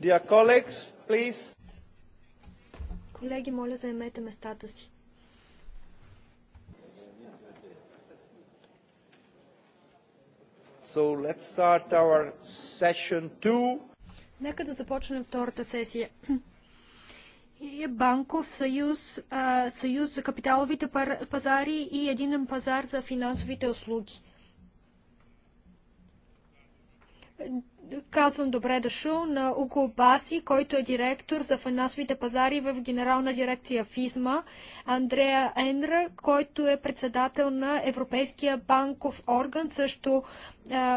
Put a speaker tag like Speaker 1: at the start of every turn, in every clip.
Speaker 1: Dear colleagues, please. Колеги, моля, заемете местата си. So let's start our session two. Нека да започнем втората сесия. И е банков съюз, а, съюз за капиталовите пазари и единен пазар за финансовите услуги казвам добре дошъл на Уго Баси, който е директор за финансовите пазари в Генерална дирекция ФИЗМА, Андрея Енра, който е председател на Европейския банков орган, също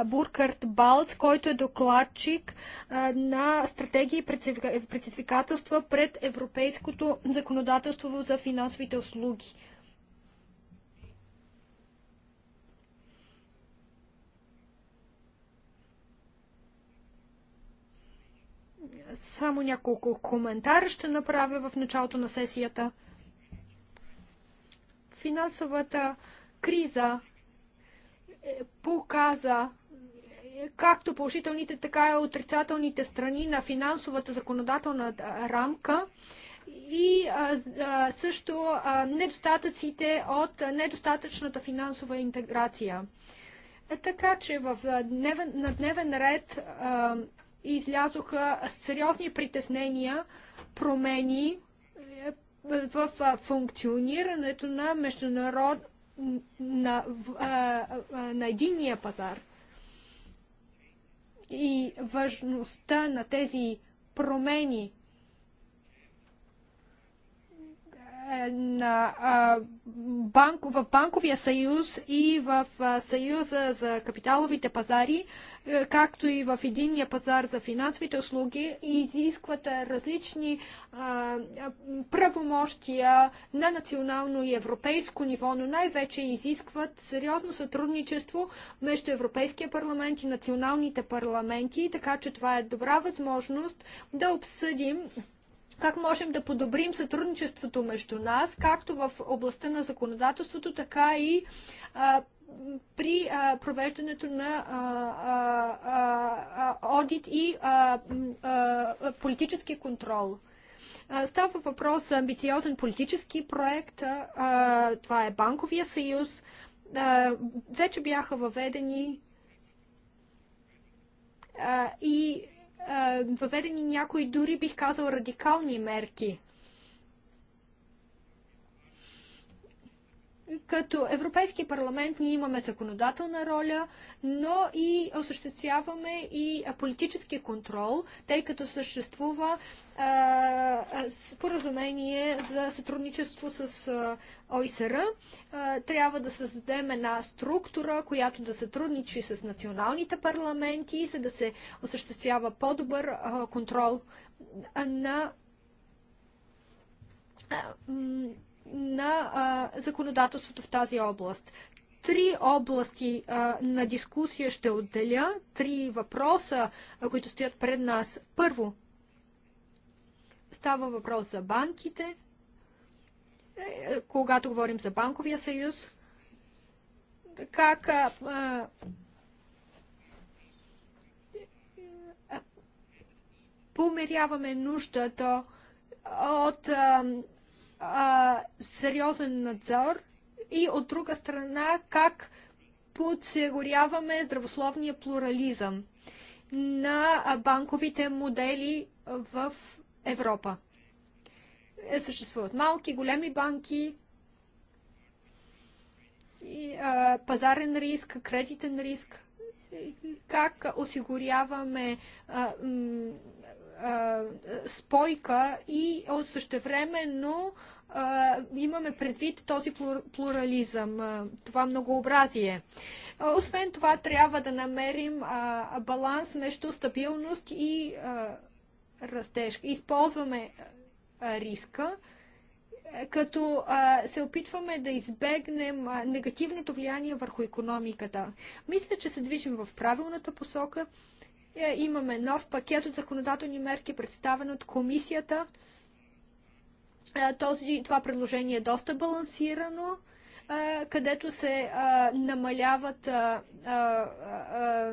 Speaker 1: Буркарт Балц, който е докладчик на стратегии и предизвикателства пред европейското законодателство за финансовите услуги. Само няколко коментара ще направя в началото на сесията. Финансовата криза е, показа е, както положителните, така и отрицателните страни на финансовата законодателна рамка и също недостатъците от недостатъчната финансова интеграция. Е, така че в дневен, на дневен ред и излязоха сериозни притеснения, промени е, в функционирането на международ на, на единния пазар. И важността на тези промени Е, на банков, в банковия съюз и в съюза за капиталовите пазари, е, както и в единния пазар за финансовите услуги, изискват различни правомощия на национално и европейско ниво, но най-вече изискват сериозно сътрудничество между Европейския парламент и националните парламенти, така че това е добра възможност да обсъдим как можем да подобрим сътрудничеството между нас, както в областта на законодателството, така и а, при а, провеждането на а, одит и политически контрол. Става въпрос за амбициозен политически проект. Това е Банковия съюз. Вече бяха въведени и въведени някои дори бих казал радикални мерки. Като Европейски парламент ние имаме законодателна роля, но и осъществяваме и политически контрол, тъй като съществува а, споразумение за сътрудничество с ОИСР. Трябва да създадем една структура, която да сътрудничи с националните парламенти, за да се осъществява по-добър контрол на на а, законодателството в тази област. Три области а, на дискусия ще отделя, три въпроса, а, които стоят пред нас. Първо, Става въпрос за банките. Е, е, когато говорим за банковия съюз, как а, а, померяваме нуждата от а, а, сериозен надзор и от друга страна как подсигуряваме здравословния плурализъм на банковите модели в Европа. Е, съществуват малки, големи банки, пазарен риск, кредитен риск. Как осигуряваме спойка и от същевременно имаме предвид този плурализъм, това многообразие. освен това, трябва да намерим баланс между стабилност и растеж. Използваме риска, като а, се опитваме да избегнем а, негативното влияние върху економиката. Мисля, че се движим в правилната посока. Е, имаме нов пакет от законодателни мерки, представен от комисията. Е, този, това предложение е доста балансирано, е, където се намаляват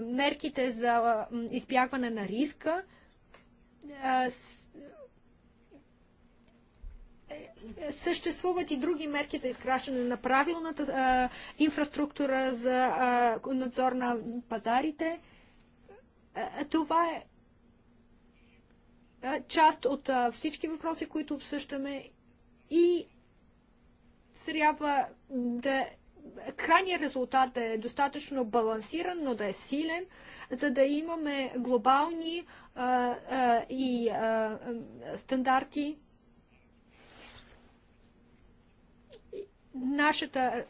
Speaker 1: мерките за избягване на риска е, съществуват и други мерки за изграждане на правилната а, инфраструктура за а, надзор на пазарите. А, това е част от а, всички въпроси, които обсъждаме и трябва да крайният резултат да е достатъчно балансиран, но да е силен, за да имаме глобални а, а, и а, стандарти. Нашата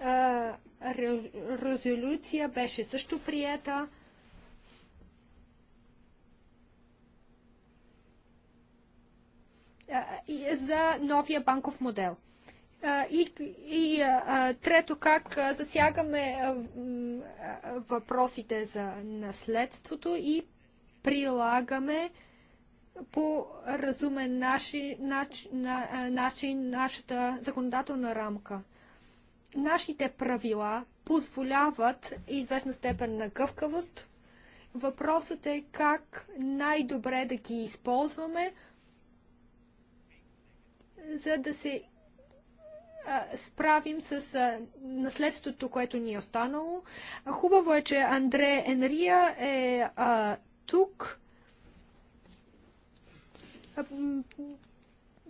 Speaker 1: а, резолюция беше също приета. за новия банков модел. И, и а, трето, как засягаме въпросите за наследството и прилагаме по разумен наши, нач, на, начин нашата законодателна рамка. Нашите правила позволяват известна степен на гъвкавост. Въпросът е как най-добре да ги използваме, за да се справим с наследството, което ни е останало. Хубаво е, че Андре Енрия е а, тук.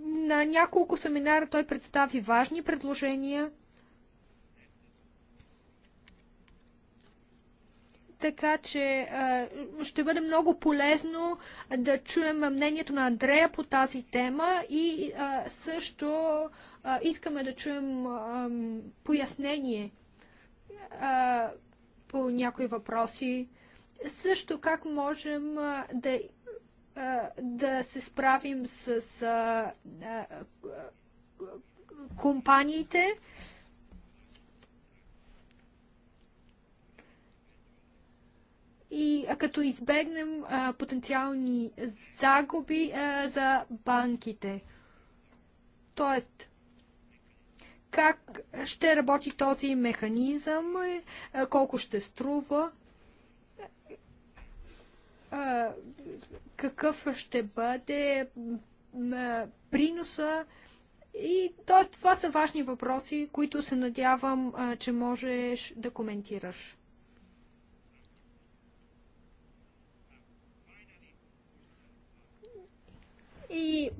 Speaker 1: На няколко семинара той представи важни предложения. Така че ще бъде много полезно да чуем мнението на Андрея по тази тема и също а, искаме да чуем пояснение а, по някои въпроси. Също как можем да, а, да се справим с, с а, а, компаниите. И а, като избегнем а, потенциални загуби а, за банките. Тоест, как ще работи този механизъм, е, колко ще струва, е, какъв ще бъде е, приноса. И т.е. това са важни въпроси, които се надявам, че можеш да коментираш. И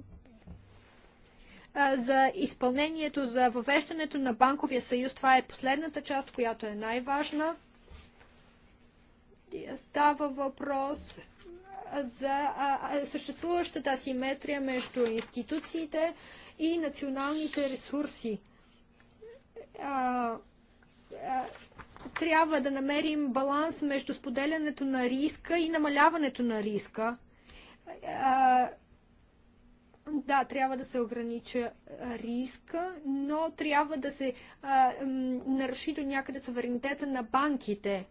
Speaker 1: за изпълнението, за въвеждането на банковия съюз. Това е последната част, която е най-важна. Става въпрос за съществуващата симетрия между институциите и националните ресурси. Трябва да намерим баланс между споделянето на риска и намаляването на риска да, трябва да се огранича риска, но трябва да се а, наруши до някъде суверенитета на банките.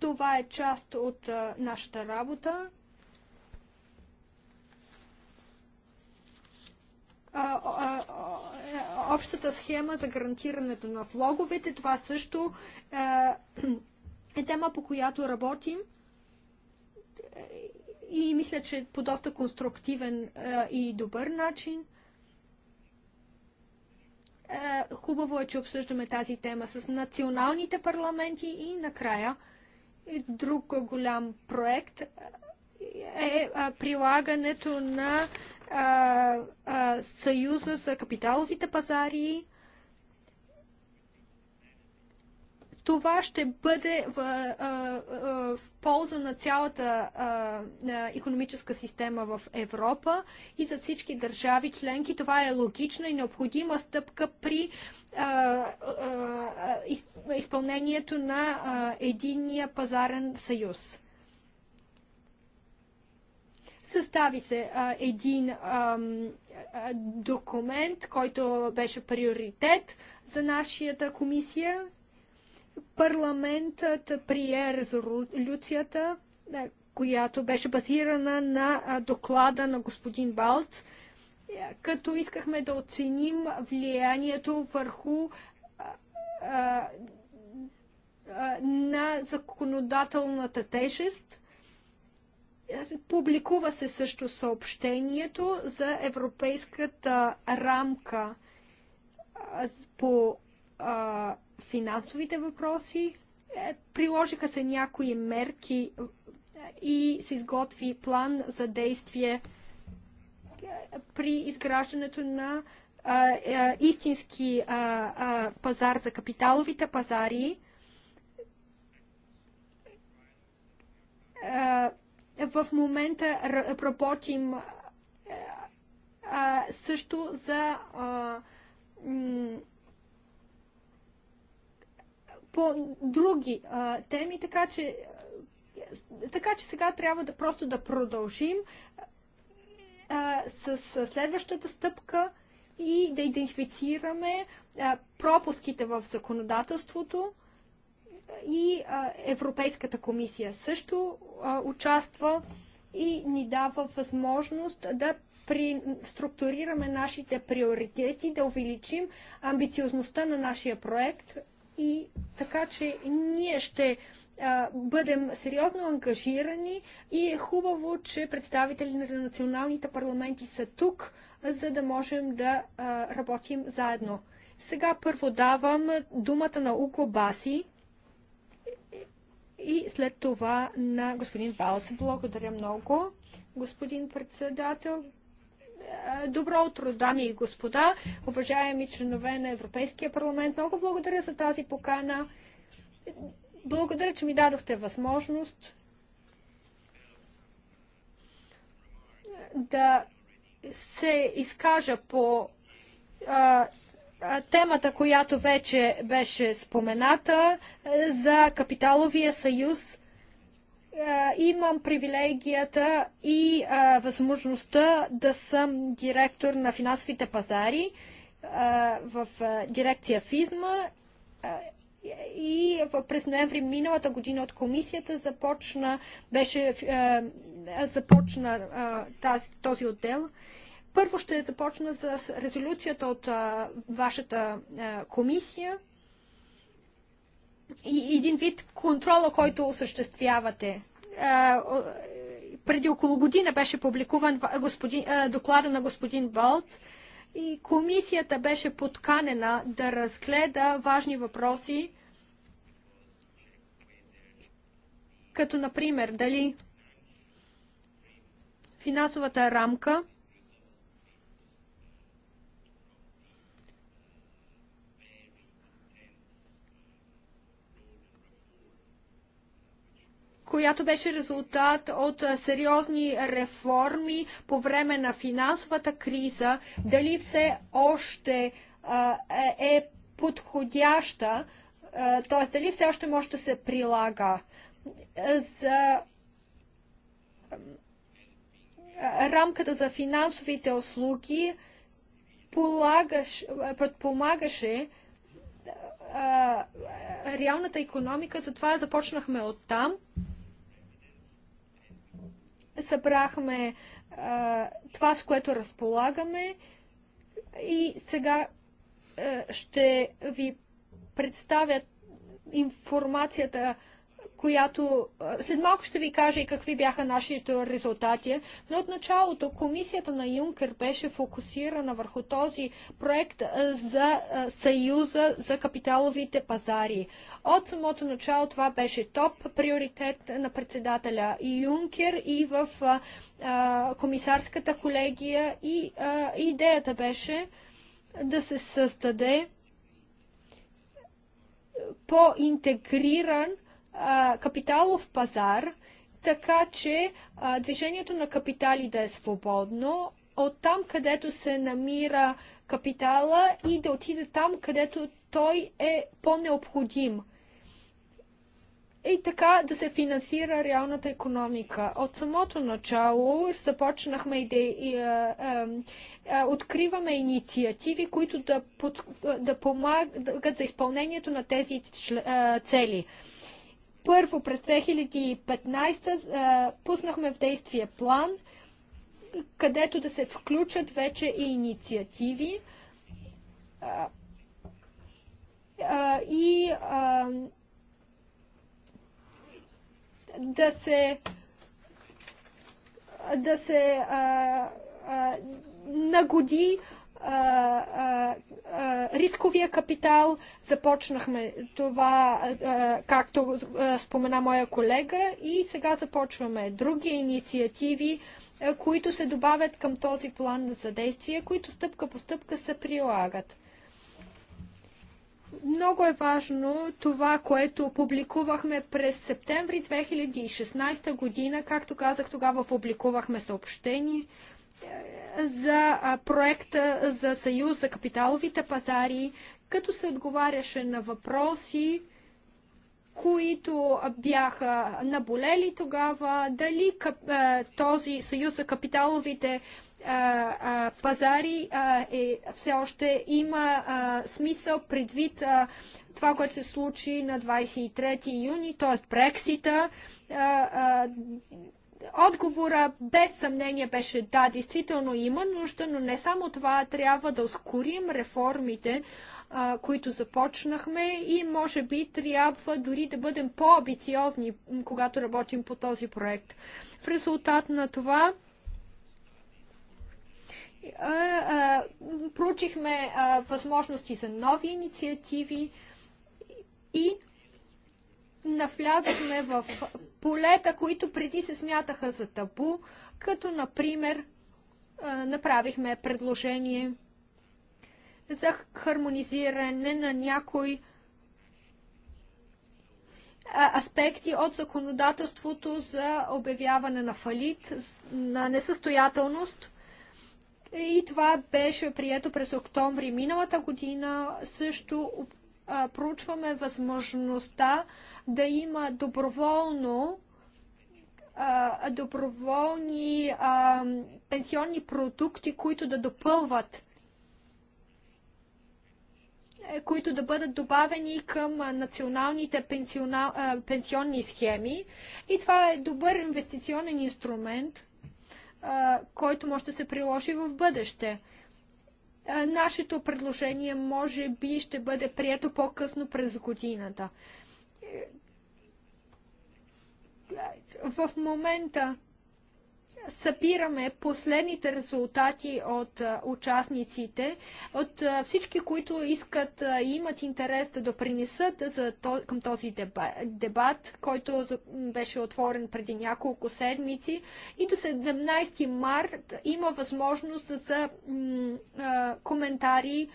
Speaker 1: Това е част от а, нашата работа.
Speaker 2: А, а,
Speaker 1: а, общата схема за гарантирането на влоговете, това също е тема, по която работим и мисля, че по доста конструктивен а, и добър начин. А, хубаво е, че обсъждаме тази тема с националните парламенти и накрая е друг голям проект е, е а, прилагането на а, а, Съюза за капиталовите пазари. това ще бъде в, в полза на цялата економическа система в Европа и за всички държави членки. Това е логична и необходима стъпка при изпълнението на единния пазарен съюз. Състави се а, един а, документ, който беше приоритет за нашата комисия Парламентът прие резолюцията, е, която беше базирана на доклада на господин Балц, е, като искахме да оценим влиянието върху на законодателната тежест. Публикува се също съобщението за европейската рамка по а, финансовите въпроси. Е, приложиха се някои мерки е, и се изготви план за действие е, при изграждането на а, а, е, истински а, а, пазар за капиталовите пазари. А, в момента работим а, също за а, по други а, теми, така че, така че сега трябва да просто да продължим а, с, с следващата стъпка и да идентифицираме а, пропуските в законодателството и а, Европейската комисия също а, участва и ни дава възможност да при структурираме нашите приоритети, да увеличим амбициозността на нашия проект и така че ние ще а, бъдем сериозно ангажирани и е хубаво, че представители на националните парламенти са тук, за да можем да а, работим заедно. Сега първо давам думата на Уко Баси и след това на господин Балс. Благодаря много, господин председател, е, добро утро, дами и господа, уважаеми членове на Европейския парламент. Много благодаря за тази покана. Благодаря, че ми дадохте възможност да се изкажа по темата, която вече беше спомената е, за капиталовия съюз е, имам привилегията и а, е, възможността да съм директор на финансовите пазари а, е, в а, дирекция ФИЗМА и в, през ноември миналата година от комисията започна, беше, започна тази, този отдел. Първо ще започна с резолюцията от вашата комисия и един вид контрола, който осъществявате преди около година беше публикуван господин, доклада на господин Болт и комисията беше подканена да разгледа важни въпроси, като например дали финансовата рамка – която беше резултат от сериозни реформи по време на финансовата криза, дали все още е, е подходяща, т.е. дали все още може да се прилага за рамката за финансовите услуги предпомагаше реалната економика, затова започнахме от там събрахме а, това, с което разполагаме и сега а, ще ви представя информацията, която след малко ще ви кажа и какви бяха нашите резултати, но от началото комисията на Юнкер беше фокусирана върху този проект за Съюза за капиталовите пазари. От самото начало това беше топ приоритет на председателя Юнкер и в комисарската колегия и идеята беше да се създаде по-интегриран капиталов пазар, така че движението на капитали да е свободно от там, където се намира капитала и да отиде там, където той е по-необходим. И така да се финансира реалната економика. От самото начало започнахме и да откриваме инициативи, които да, под, да помагат за изпълнението на тези цели. Първо през 2015 пуснахме в действие план, където да се включат вече и инициативи и да се да се а, а, нагоди рисковия капитал. Започнахме това, както спомена моя колега, и сега започваме други инициативи, които се добавят към този план за действие, които стъпка по стъпка се прилагат. Много е важно това, което публикувахме през септември 2016 година. Както казах, тогава публикувахме съобщение за проекта за Съюз за капиталовите пазари, като се отговаряше на въпроси, които бяха наболели тогава, дали този съюз за капиталовите пазари е, все още има смисъл предвид това, което се случи на 23 юни, т.е. Брексита, Отговора без съмнение беше да, действително има нужда, но не само това, трябва да ускорим реформите, а, които започнахме и може би трябва дори да бъдем по-амбициозни, когато работим по този проект. В резултат на това а, а, проучихме възможности за нови инициативи и навлязохме в полета, които преди се смятаха за табу, като например направихме предложение за хармонизиране на някои аспекти от законодателството за обявяване на фалит, на несъстоятелност. И това беше прието през октомври миналата година. Също проучваме възможността да има доброволно а, доброволни а, пенсионни продукти, които да допълват е, които да бъдат добавени към националните пенсионни схеми. И това е добър инвестиционен инструмент, който може да се приложи в бъдеще. Нашето предложение може би ще бъде прието по-късно през годината. Е, в момента събираме последните резултати от участниците, от всички, които искат и имат интерес да допринесат за, към този дебат, който беше отворен преди няколко седмици. И до 17 март има възможност за коментари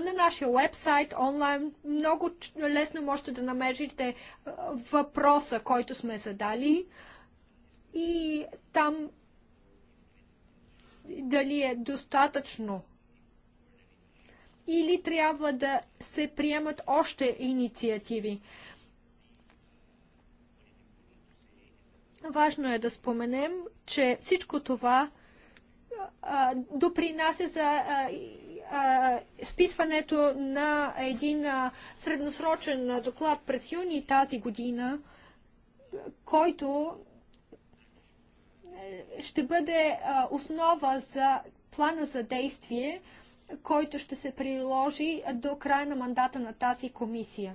Speaker 1: на нашия вебсайт онлайн много лесно можете да намерите въпроса, който сме задали и там дали е достатъчно или трябва да се приемат още инициативи. Важно е да споменем, че всичко това а, допринася за а, списването на един средносрочен доклад през юни тази година, който е, ще бъде основа за плана за действие, който ще се приложи до края на мандата на тази комисия.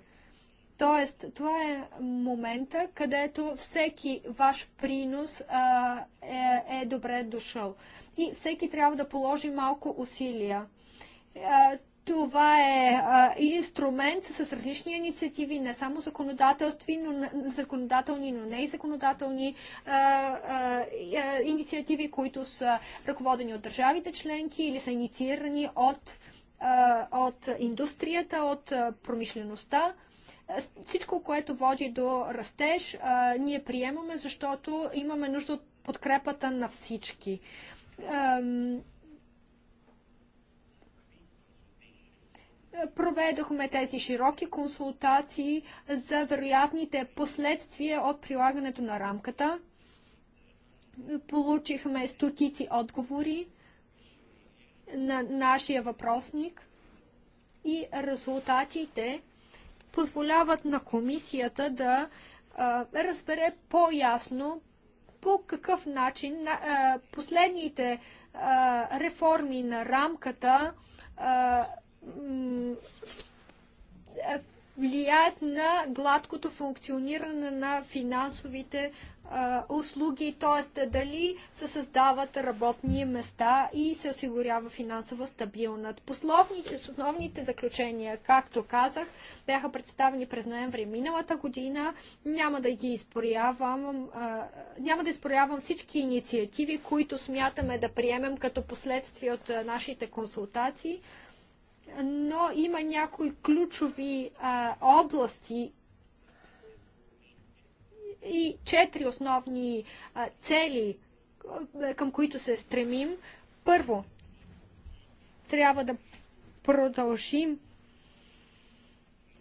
Speaker 1: Тоест, това е момента, където всеки ваш принос а, е, е добре дошъл. И всеки трябва да положи малко усилия. А, това е а, инструмент с различни инициативи, не само законодателстви, но законодателни, но не и законодателни а, а, инициативи, които са ръководени от държавите членки или са инициирани от, а, от индустрията, от промишлеността. Всичко, което води до растеж, ние приемаме, защото имаме нужда от подкрепата на всички. проведохме тези широки консултации за вероятните последствия от прилагането на рамката. Получихме стотици отговори на нашия въпросник и резултатите позволяват на комисията да а, разбере по-ясно по какъв начин а, последните а, реформи на рамката а, влияят на гладкото функциониране на финансовите услуги, т.е. дали се създават работни места и се осигурява финансова стабилност. Пословните, основните заключения, както казах, бяха представени през ноември миналата година. Няма да ги изпорявам, няма да изпорявам всички инициативи, които смятаме да приемем като последствие от нашите консултации но има някои ключови а, области и четири основни а, цели, към които се стремим. Първо, трябва да продължим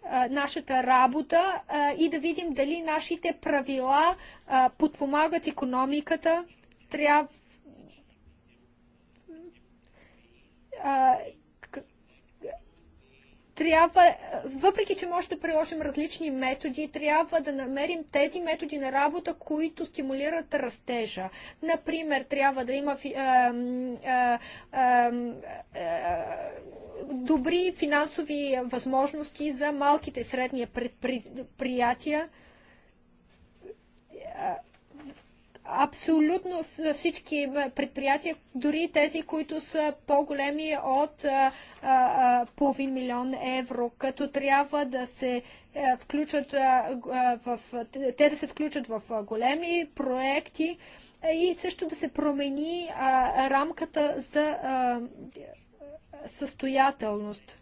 Speaker 1: а, нашата работа а, и да видим дали нашите правила а, подпомагат економиката. Трябва трябва, въпреки че може да приложим различни методи, трябва да намерим тези методи на работа, които стимулират растежа. Например, трябва да има е, добри финансови възможности за малките и средния предприятия. Пред, абсолютно всички предприятия, дори тези, които са по-големи от половин милион евро, като трябва да се е, включат в, те да се включат в големи проекти и също да се промени рамката за състоятелност.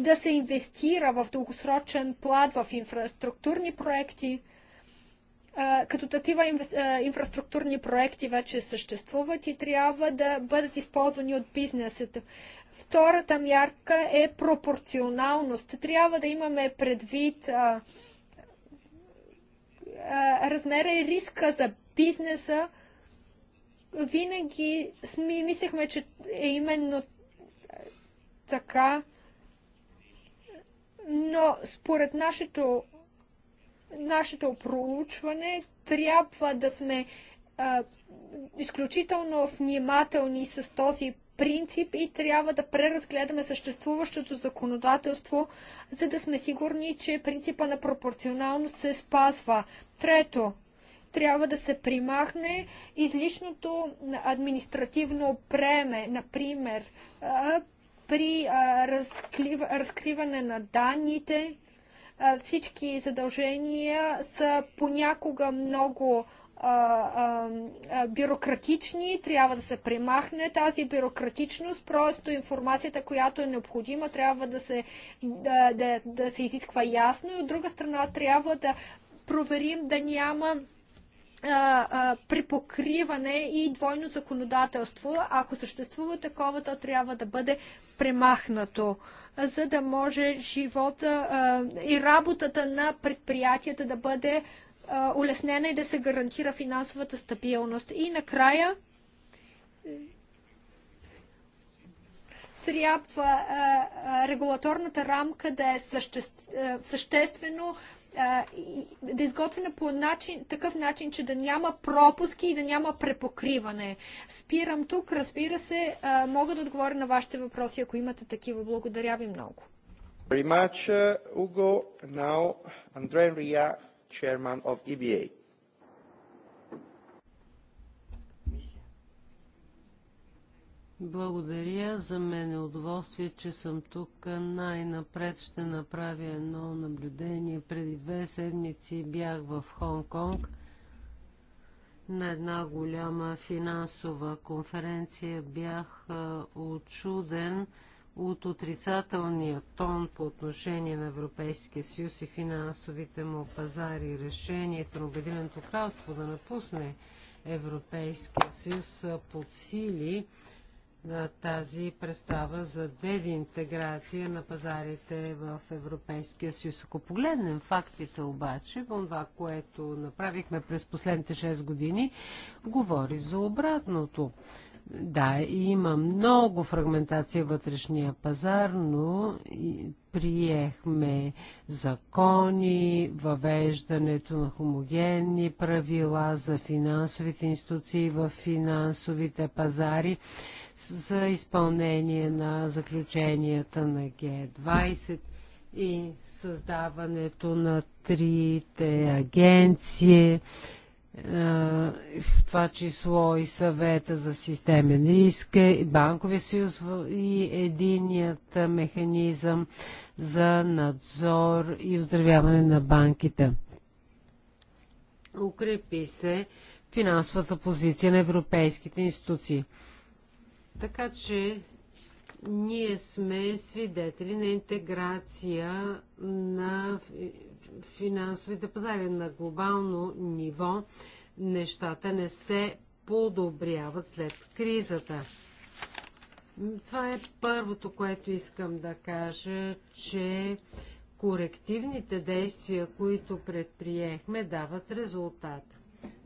Speaker 1: Да се инвестира в дългосрочен план в инфраструктурни проекти, като такива инфраструктурни проекти вече съществуват и трябва да бъдат използвани от бизнесите. Втората мярка е пропорционалност. Трябва да имаме предвид а, а, размера и риска за бизнеса. Винаги сми, мислехме, че е именно така, но според нашето нашето проучване трябва да сме а, изключително внимателни с този принцип и трябва да преразгледаме съществуващото законодателство, за да сме сигурни, че принципа на пропорционалност се спазва. Трето, трябва да се примахне излишното административно преме, например, при разкриване на данните всички задължения са понякога много бюрократични, трябва да се премахне тази бюрократичност, просто информацията, която е необходима, трябва да се, да, да, да се изисква ясно и от друга страна трябва да проверим да няма припокриване и двойно законодателство. Ако съществува такова, то трябва да бъде премахнато за да може живота и работата на предприятията да бъде улеснена и да се гарантира финансовата стабилност. И накрая трябва регулаторната рамка да е съществ, съществено да е изготвена по начин, такъв начин, че да няма пропуски и да няма препокриване. Спирам тук, разбира се, мога да отговоря на вашите въпроси, ако имате такива. Благодаря ви много. Very much, uh, Now, Andrea Ria, chairman of EBA.
Speaker 2: Благодаря. За мен е удоволствие, че съм тук. Най-напред ще направя едно наблюдение. Преди две седмици бях в Хонг-Конг на една голяма финансова конференция. Бях очуден от отрицателния тон по отношение на Европейския съюз и финансовите му пазари. Решението на Обединеното кралство да напусне Европейския съюз под сили на тази представа за дезинтеграция на пазарите в Европейския съюз. Ако погледнем фактите обаче, това, което направихме през последните 6 години, говори за обратното. Да, има много фрагментация вътрешния пазар, но приехме закони, въвеждането на хомогенни правила за финансовите институции в финансовите пазари за изпълнение на заключенията на Г20 и създаването на трите агенции, е, в това число и съвета за системен риск, и банкови съюз и единият механизъм за надзор и оздравяване на банките. Укрепи се финансовата позиция на европейските институции. Така че ние сме свидетели на интеграция на финансовите пазари на глобално ниво. Нещата не се подобряват след кризата. Това е първото, което искам да кажа, че корективните действия, които предприехме, дават резултата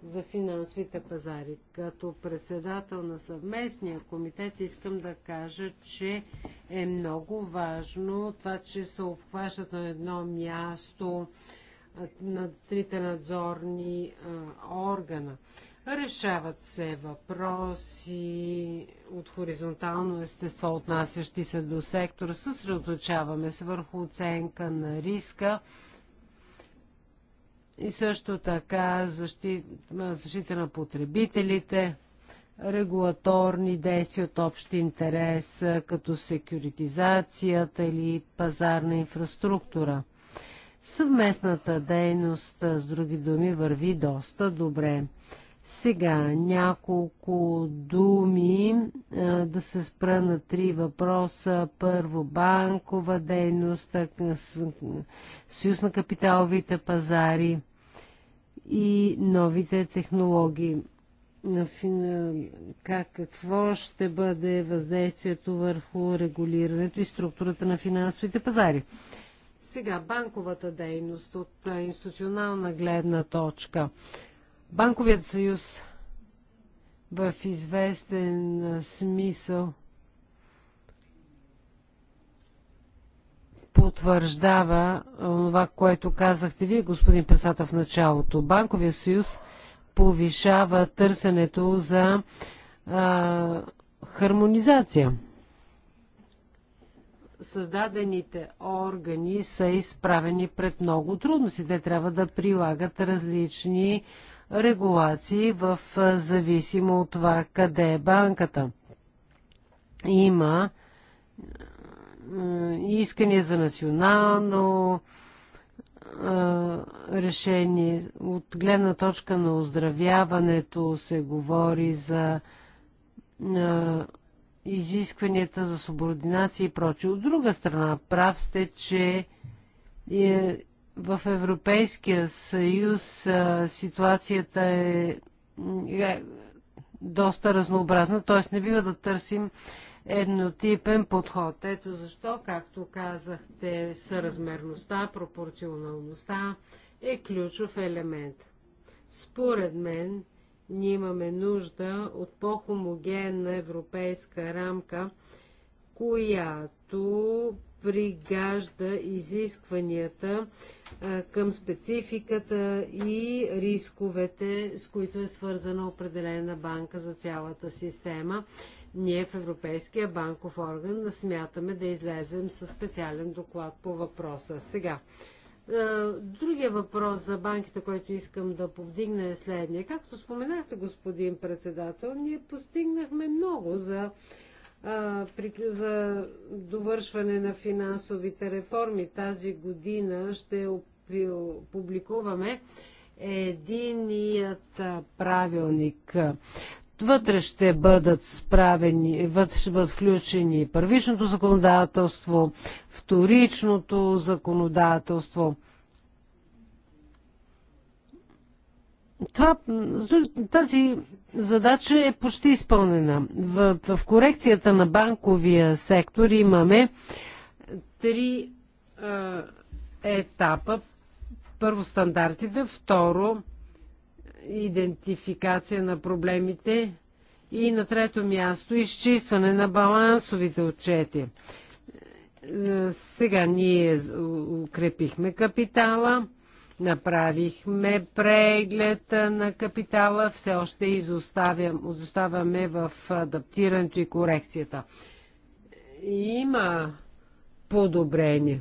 Speaker 2: за финансовите пазари. Като председател на съвместния комитет искам да кажа, че е много важно това, че се обхващат на едно място на трите надзорни а, органа. Решават се въпроси от хоризонтално естество, отнасящи се до сектора. Съсредоточаваме се върху оценка на риска и също така защита, защита на потребителите, регулаторни действия от общ интерес, като секюритизацията или пазарна инфраструктура. Съвместната дейност, с други думи, върви доста добре. Сега няколко думи да се спра на три въпроса. Първо банкова дейност, съюз на капиталовите пазари и новите технологии. Как, какво ще бъде въздействието върху регулирането и структурата на финансовите пазари? Сега банковата дейност от институционална гледна точка. Банковият съюз в известен смисъл – потвърждава това, е, което казахте вие, господин Пресата, в началото. Банковия съюз повишава търсенето за а, хармонизация. Създадените органи са изправени пред много трудности. Те трябва да прилагат различни регулации в зависимо от това къде е банката. Има е, искания за национално е, решение. От гледна точка на оздравяването се говори за е, изискванията за субординация и прочее. От друга страна, прав сте, че в Европейския съюз ситуацията е доста разнообразна, т.е. не бива да търсим еднотипен подход. Ето защо, както казахте, съразмерността, пропорционалността е ключов елемент. Според мен, ние имаме нужда от по-хомогенна европейска рамка, която пригажда изискванията към спецификата и рисковете, с които е свързана определена банка за цялата система. Ние в Европейския банков орган смятаме да излезем с специален доклад по въпроса. Сега, Другия въпрос за банките, който искам да повдигна е следния. Както споменахте, господин председател, ние постигнахме много за, за довършване на финансовите реформи. Тази година ще публикуваме единият правилник вътре ще бъдат справени, вътре ще бъдат включени първичното законодателство, вторичното законодателство. Това, тази задача е почти изпълнена. В, в корекцията на банковия сектор имаме три е, етапа. Първо стандартите, второ идентификация на проблемите и на трето място изчистване на балансовите отчети. Сега ние укрепихме капитала, направихме преглед на капитала, все още изоставяме в адаптирането и корекцията. Има подобрение.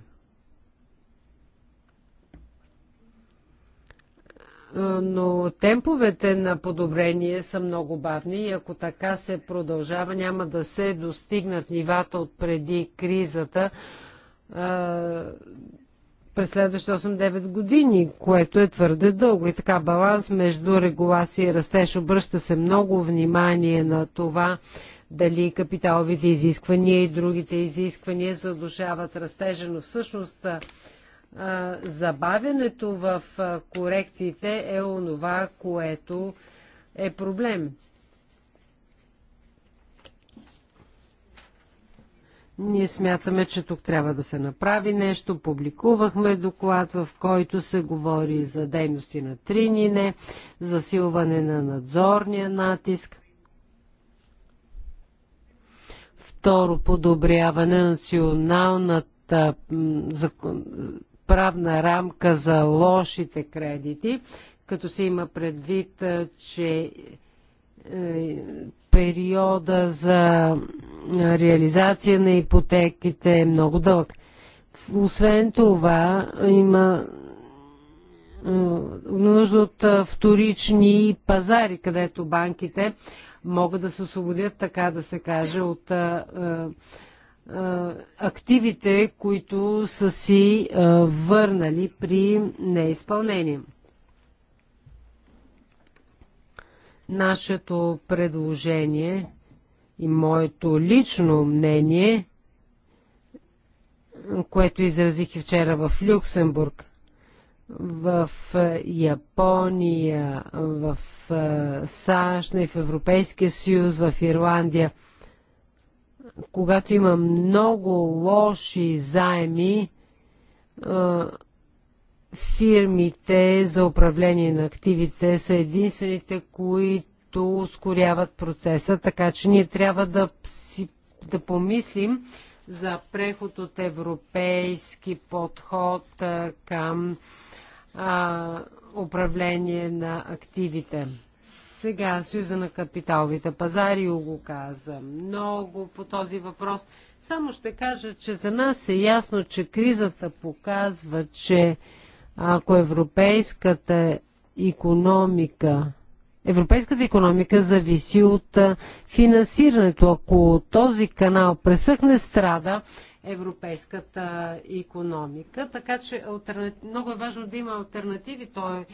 Speaker 2: Е, но темповете на подобрение са много бавни и ако така се продължава, няма да се достигнат нивата от преди кризата е, през следващите 8-9 години, което е твърде дълго. И така баланс между регулация и растеж обръща се много внимание на това, дали капиталовите изисквания и другите изисквания задушават растежа, но всъщност е, забавянето в корекциите е онова, което е проблем. Ние смятаме, че тук трябва да се направи нещо. Публикувахме доклад, в който се говори за дейности на Тринине, засилване на надзорния натиск. Второ, подобряване на националната правна рамка за лошите кредити, като се има предвид, че е, периода за реализация на ипотеките е много дълъг. Освен това, има е, нужда от вторични пазари, където банките могат да се освободят, така да се каже, от активите, които са си върнали при неизпълнение. Нашето предложение и моето лично мнение, което изразих и вчера в Люксембург, в Япония, в САЩ, и в Европейския съюз, в Ирландия – когато има много лоши заеми, фирмите за управление на активите са единствените, които ускоряват процеса, така че ние трябва да, да помислим за преход от европейски подход към а, управление на активите. Сега Съюза на капиталовите пазари го каза много по този въпрос. Само ще кажа, че за нас е ясно, че кризата показва, че ако европейската економика Европейската економика зависи от финансирането. Ако този канал пресъхне, страда европейската економика. Така че много е важно да има альтернативи. Той е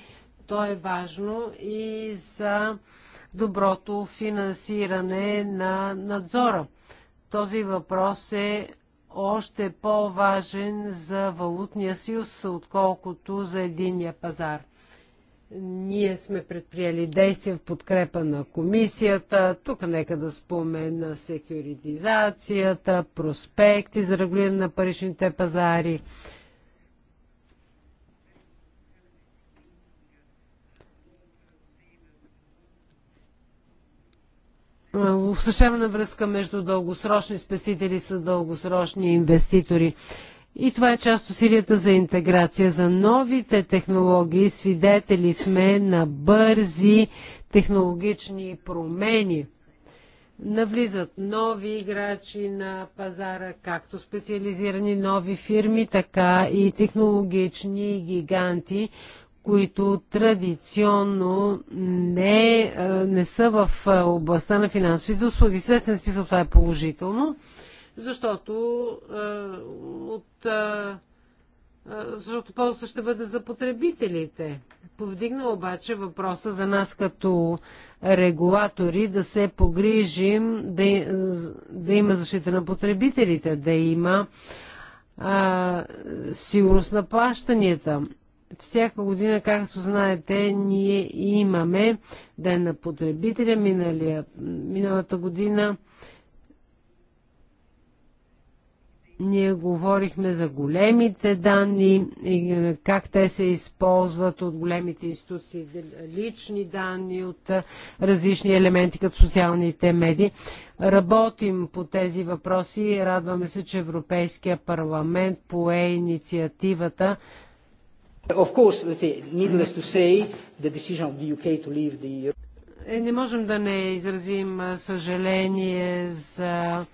Speaker 2: то е важно и за доброто финансиране на надзора. Този въпрос е още по-важен за валутния съюз, отколкото за единния пазар. Ние сме предприели действия в подкрепа на комисията. Тук нека да спомена секюритизацията, проспекти за регулиране на паричните пазари осъществявана е, връзка между дългосрочни спестители с дългосрочни инвеститори. И това е част от усилията за интеграция. За новите технологии свидетели сме на бързи технологични промени. Навлизат нови играчи на пазара, както специализирани нови фирми, така и технологични гиганти, които традиционно не, е, не са в е, областта на финансовите услуги. Следствен смисъл това е положително, защото, е, от, защото полза ще бъде за потребителите. Повдигна обаче въпроса за нас като регулатори да се погрижим да, да има защита на потребителите, да има а, сигурност на плащанията. Всяка година, както знаете, ние имаме Ден на потребителя. Миналия, миналата година ние говорихме за големите данни и е, как те се използват от големите институции, е, лични данни от е, различни елементи, като социалните медии. Работим по тези въпроси и радваме се, че Европейския парламент пое инициативата Of course, let's say, needless to say, the decision of the UK to leave the е, не можем да не изразим съжаление за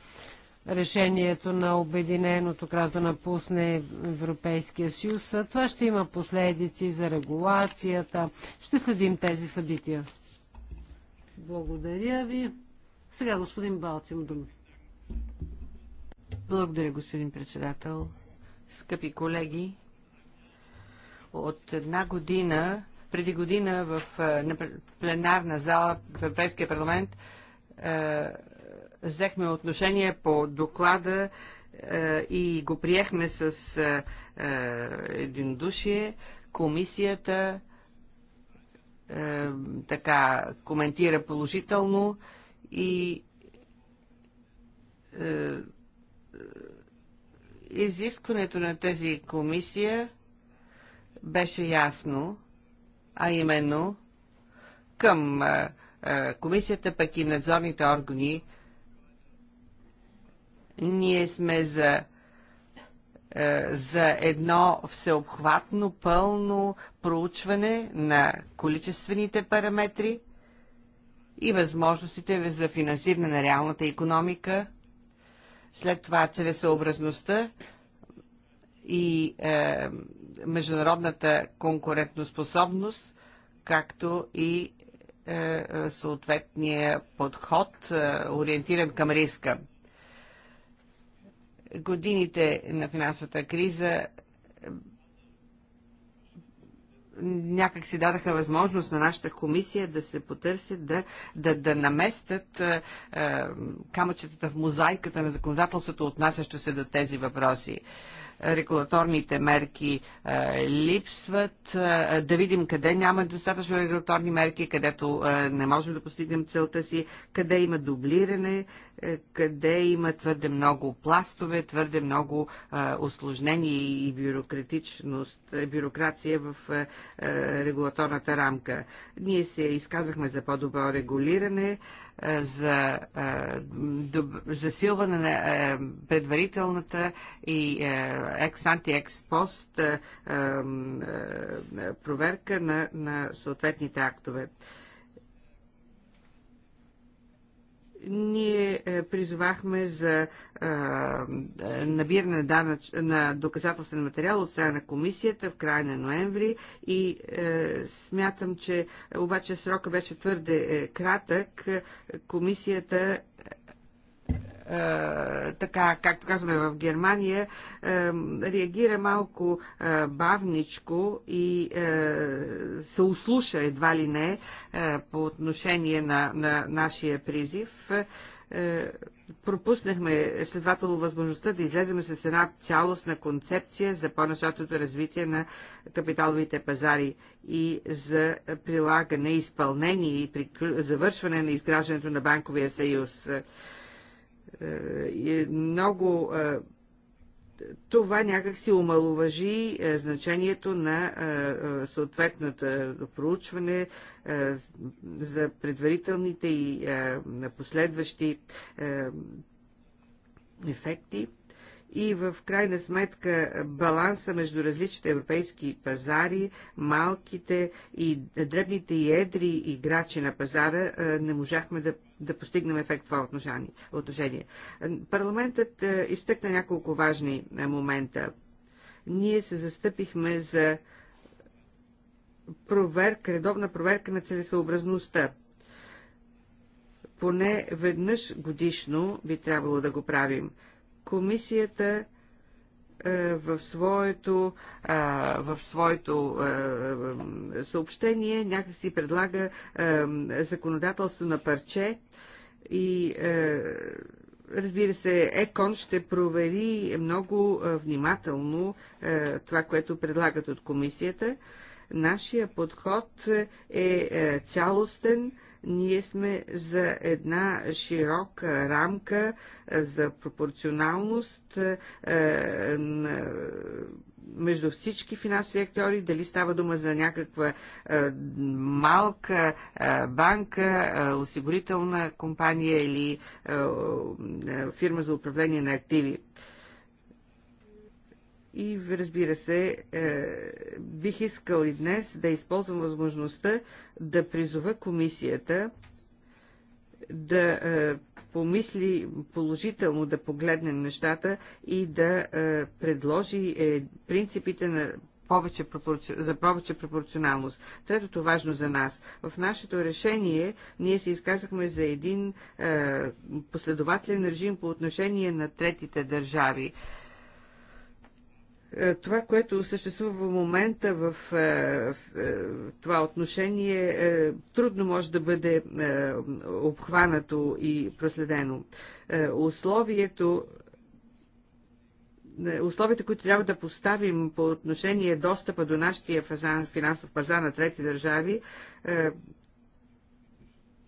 Speaker 2: решението на Обединеното кралство да напусне Европейския съюз. Това ще има последици за регулацията. Ще следим тези събития. Благодаря ви. Сега господин Балтим думи. Благодаря, господин председател.
Speaker 3: Скъпи колеги, от една година, преди година в е, пленарна зала в Европейския парламент е, взехме отношение по доклада е, и го приехме с единодушие. Комисията така коментира положително и изискването на тази комисия беше ясно, а именно към а, е, а, е, комисията, пък и надзорните органи, ние сме за, а, е, за едно всеобхватно, пълно проучване на количествените параметри и възможностите за финансиране на реалната економика, след това целесъобразността и международната конкурентоспособност, както и е, е, съответния подход, е, ориентиран към риска. Годините на финансовата криза е, някак си дадаха възможност на нашата комисия да се потърсят, да, да, да наместят е, е, камъчетата в мозайката на законодателството, отнасящо се до тези въпроси. Е, регулаторните мерки е, липсват, е, да видим къде няма достатъчно регулаторни мерки, където е, не можем да постигнем целта си, къде има дублиране е, къде има твърде много пластове, твърде много а, осложнение и бюрократичност, е, бюрокрация в а, е, регулаторната рамка. Ние се изказахме за по-добро регулиране, а, за доб... засилване на а, предварителната и екс-анти, екс-пост проверка на, на съответните актове. А, Е, призовахме за е, набиране данъч, на доказателствен материал от страна на комисията в края на ноември и е, смятам, че обаче срока беше твърде кратък. Комисията така, както казваме в Германия, реагира малко бавничко и се услуша едва ли не по отношение на, на нашия призив. Е, пропуснахме следователно възможността да излезем с една цялостна концепция за по нашатото развитие на капиталовите пазари и за прилагане, изпълнение и завършване на изграждането на банковия съюз. Е, е, много това някак си омалуважи е, значението на е, е, съответната проучване за предварителните и последващи ефекти и в крайна сметка баланса между различните европейски пазари, малките и дребните и едри играчи на пазара не можахме да, да постигнем ефект в това отношение. отношение. Парламентът изтъкна няколко важни момента. Ние се застъпихме за проверка, редовна проверка на целесъобразността поне веднъж годишно би трябвало да го правим комисията в своето, в своето съобщение някакси предлага законодателство на парче и разбира се, ЕКОН ще провери много внимателно това, което предлагат от комисията. Нашия подход е цялостен, ние сме за една широка рамка е, за пропорционалност е, е, между всички финансови актьори, дали става дума за някаква е, малка е, банка, е, осигурителна компания или е, е, фирма за управление на активи. И разбира се, е, бих искал и днес да използвам възможността да призова комисията да е, помисли положително, да погледне нещата и да е, предложи е, принципите на повече пропорци... за повече пропорционалност. Третото важно за нас. В нашето решение ние се изказахме за един е, последователен режим по отношение на третите държави. Е, е, това, което съществува в момента в, е, е, това отношение, трудно може да бъде обхванато и проследено. Условието условията, които трябва да поставим по отношение достъпа до нашия финансов пазар на трети държави,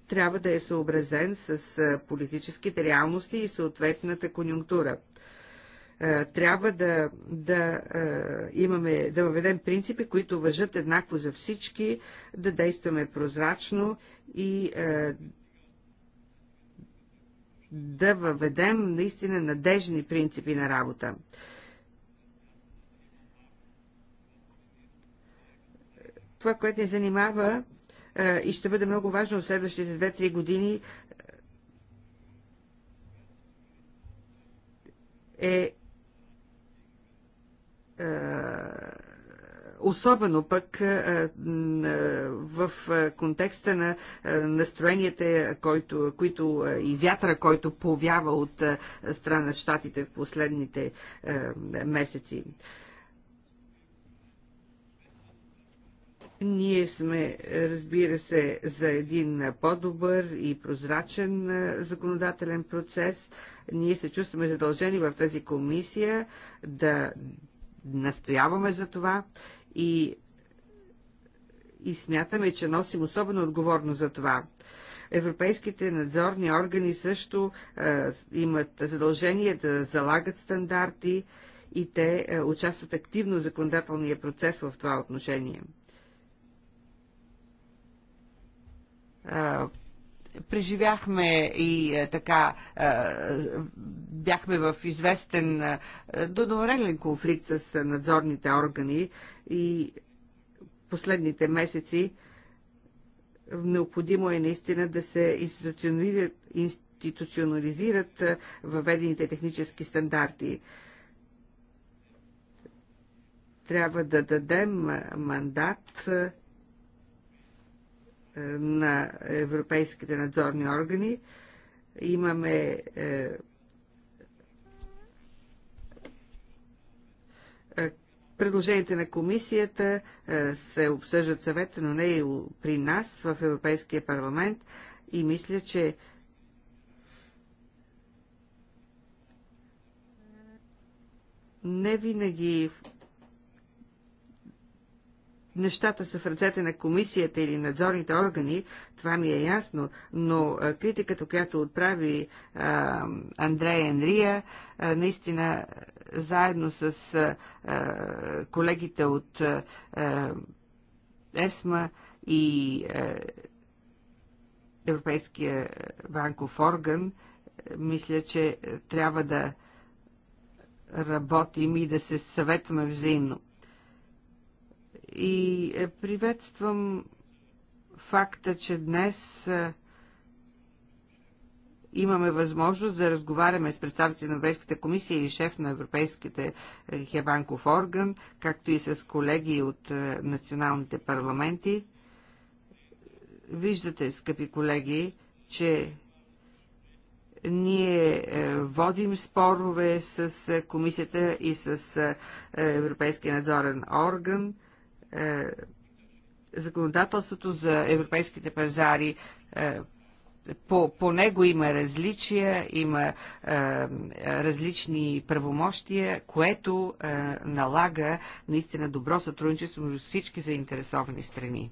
Speaker 3: трябва да е съобразен с политическите реалности и съответната конюнктура. Е, трябва да, да е, имаме, да въведем принципи, които въжат еднакво за всички, да действаме прозрачно и е, да въведем наистина надежни принципи на работа. Това, което ни занимава и ще бъде много важно в следващите 2-3 години, е е, особено пък е, е, в контекста на настроенията, който, които и вятъра, който повява от страна на щатите в последните месеци. Ние сме, разбира се, за един по-добър и прозрачен законодателен процес. Ние се чувстваме задължени в тази комисия да настояваме за това и, и смятаме, че носим особено отговорно за това. Европейските надзорни органи също е, имат задължение да залагат стандарти и те е, участват активно в законодателния процес в това отношение. Е, преживяхме и е, така, е, бяхме в известен е, донорелен конфликт с надзорните органи и последните месеци необходимо е наистина да се институционализират, институционализират въведените технически стандарти. Трябва да дадем мандат е, на европейските надзорни органи. Имаме е, е, Предложенията на комисията се обсъждат съвета, но не и при нас в Европейския парламент и мисля, че не винаги нещата са в ръцете на комисията или надзорните органи, това ми е ясно, но критиката, която отправи Андрея Енрия, наистина заедно с колегите от ЕСМА и Европейския банков орган, мисля, че трябва да работим и да се съветваме взаимно и е, приветствам факта, че днес е, имаме възможност да разговаряме с представители на Европейската комисия и шеф на Европейските е, Хебанков орган, както и с колеги от националните парламенти. Виждате, скъпи колеги, че ние водим спорове с комисията и с Европейския надзорен орган – е, законодателството за европейските пазари е, по, по него има различия, има е, различни правомощия, което е, налага наистина добро сътрудничество между всички заинтересовани страни.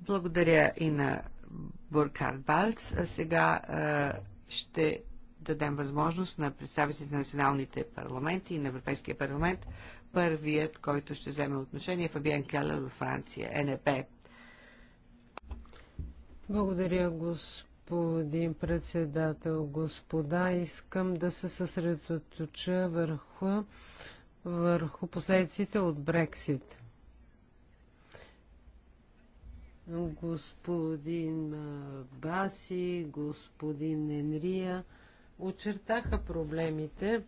Speaker 3: Благодаря и на Буркард Балц. А сега е, ще дадем възможност на представителите на националните парламенти и на Европейския парламент. Първият, който ще вземе отношение е Фабиан Келер във Франция, НП.
Speaker 2: Благодаря, господин председател. Господа, искам да се съсредоточа върху, върху последиците от Брексит. Господин Баси, господин Енрия очертаха проблемите.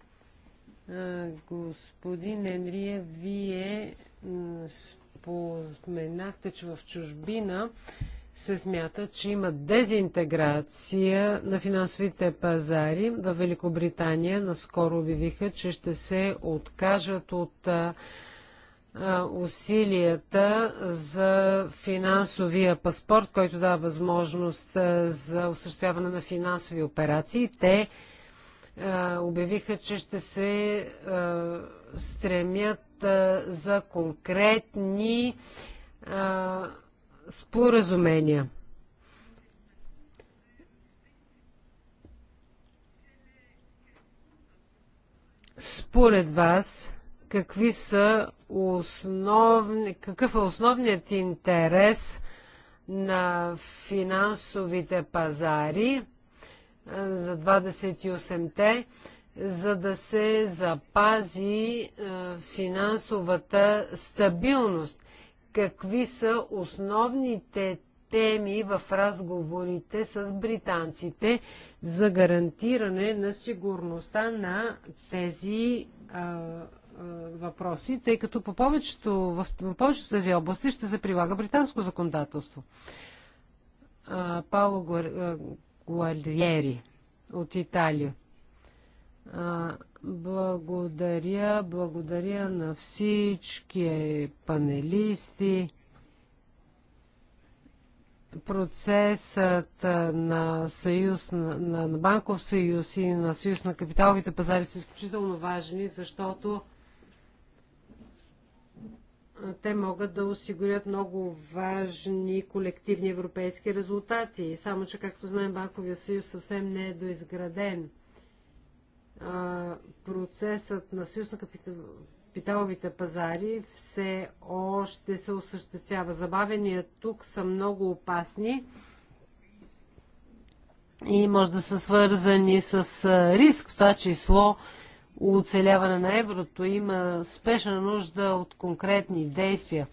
Speaker 2: Господин Енрие, вие споменахте, че в чужбина се смята, че има дезинтеграция на финансовите пазари. В Великобритания наскоро обявиха, че ще се откажат от усилията за финансовия паспорт, който дава възможност за осъществяване на финансови операции. Те обявиха, че ще се стремят за конкретни споразумения. Според вас, какви са основни, какъв е основният интерес на финансовите пазари за 28-те, за да се запази финансовата стабилност. Какви са основните теми в разговорите с британците за гарантиране на сигурността на тези а, е, въпроси, тъй като по повечето, в повечето тези области ще се прилага британско законодателство. А, Пауло Гуарьери е, от Италия. А, благодаря, благодаря на всички панелисти. Процесът на, съюз, на, на банков съюз и на съюз на капиталовите пазари са изключително важни, защото те могат да осигурят много важни колективни европейски резултати. Само, че, както знаем, Банковия съюз съвсем не е доизграден. А, процесът на съюз на капиталовите пазари все още се осъществява. Забавения тук са много опасни и може да са свързани с риск, в това число оцеляване на еврото. Има спешна нужда от конкретни действия.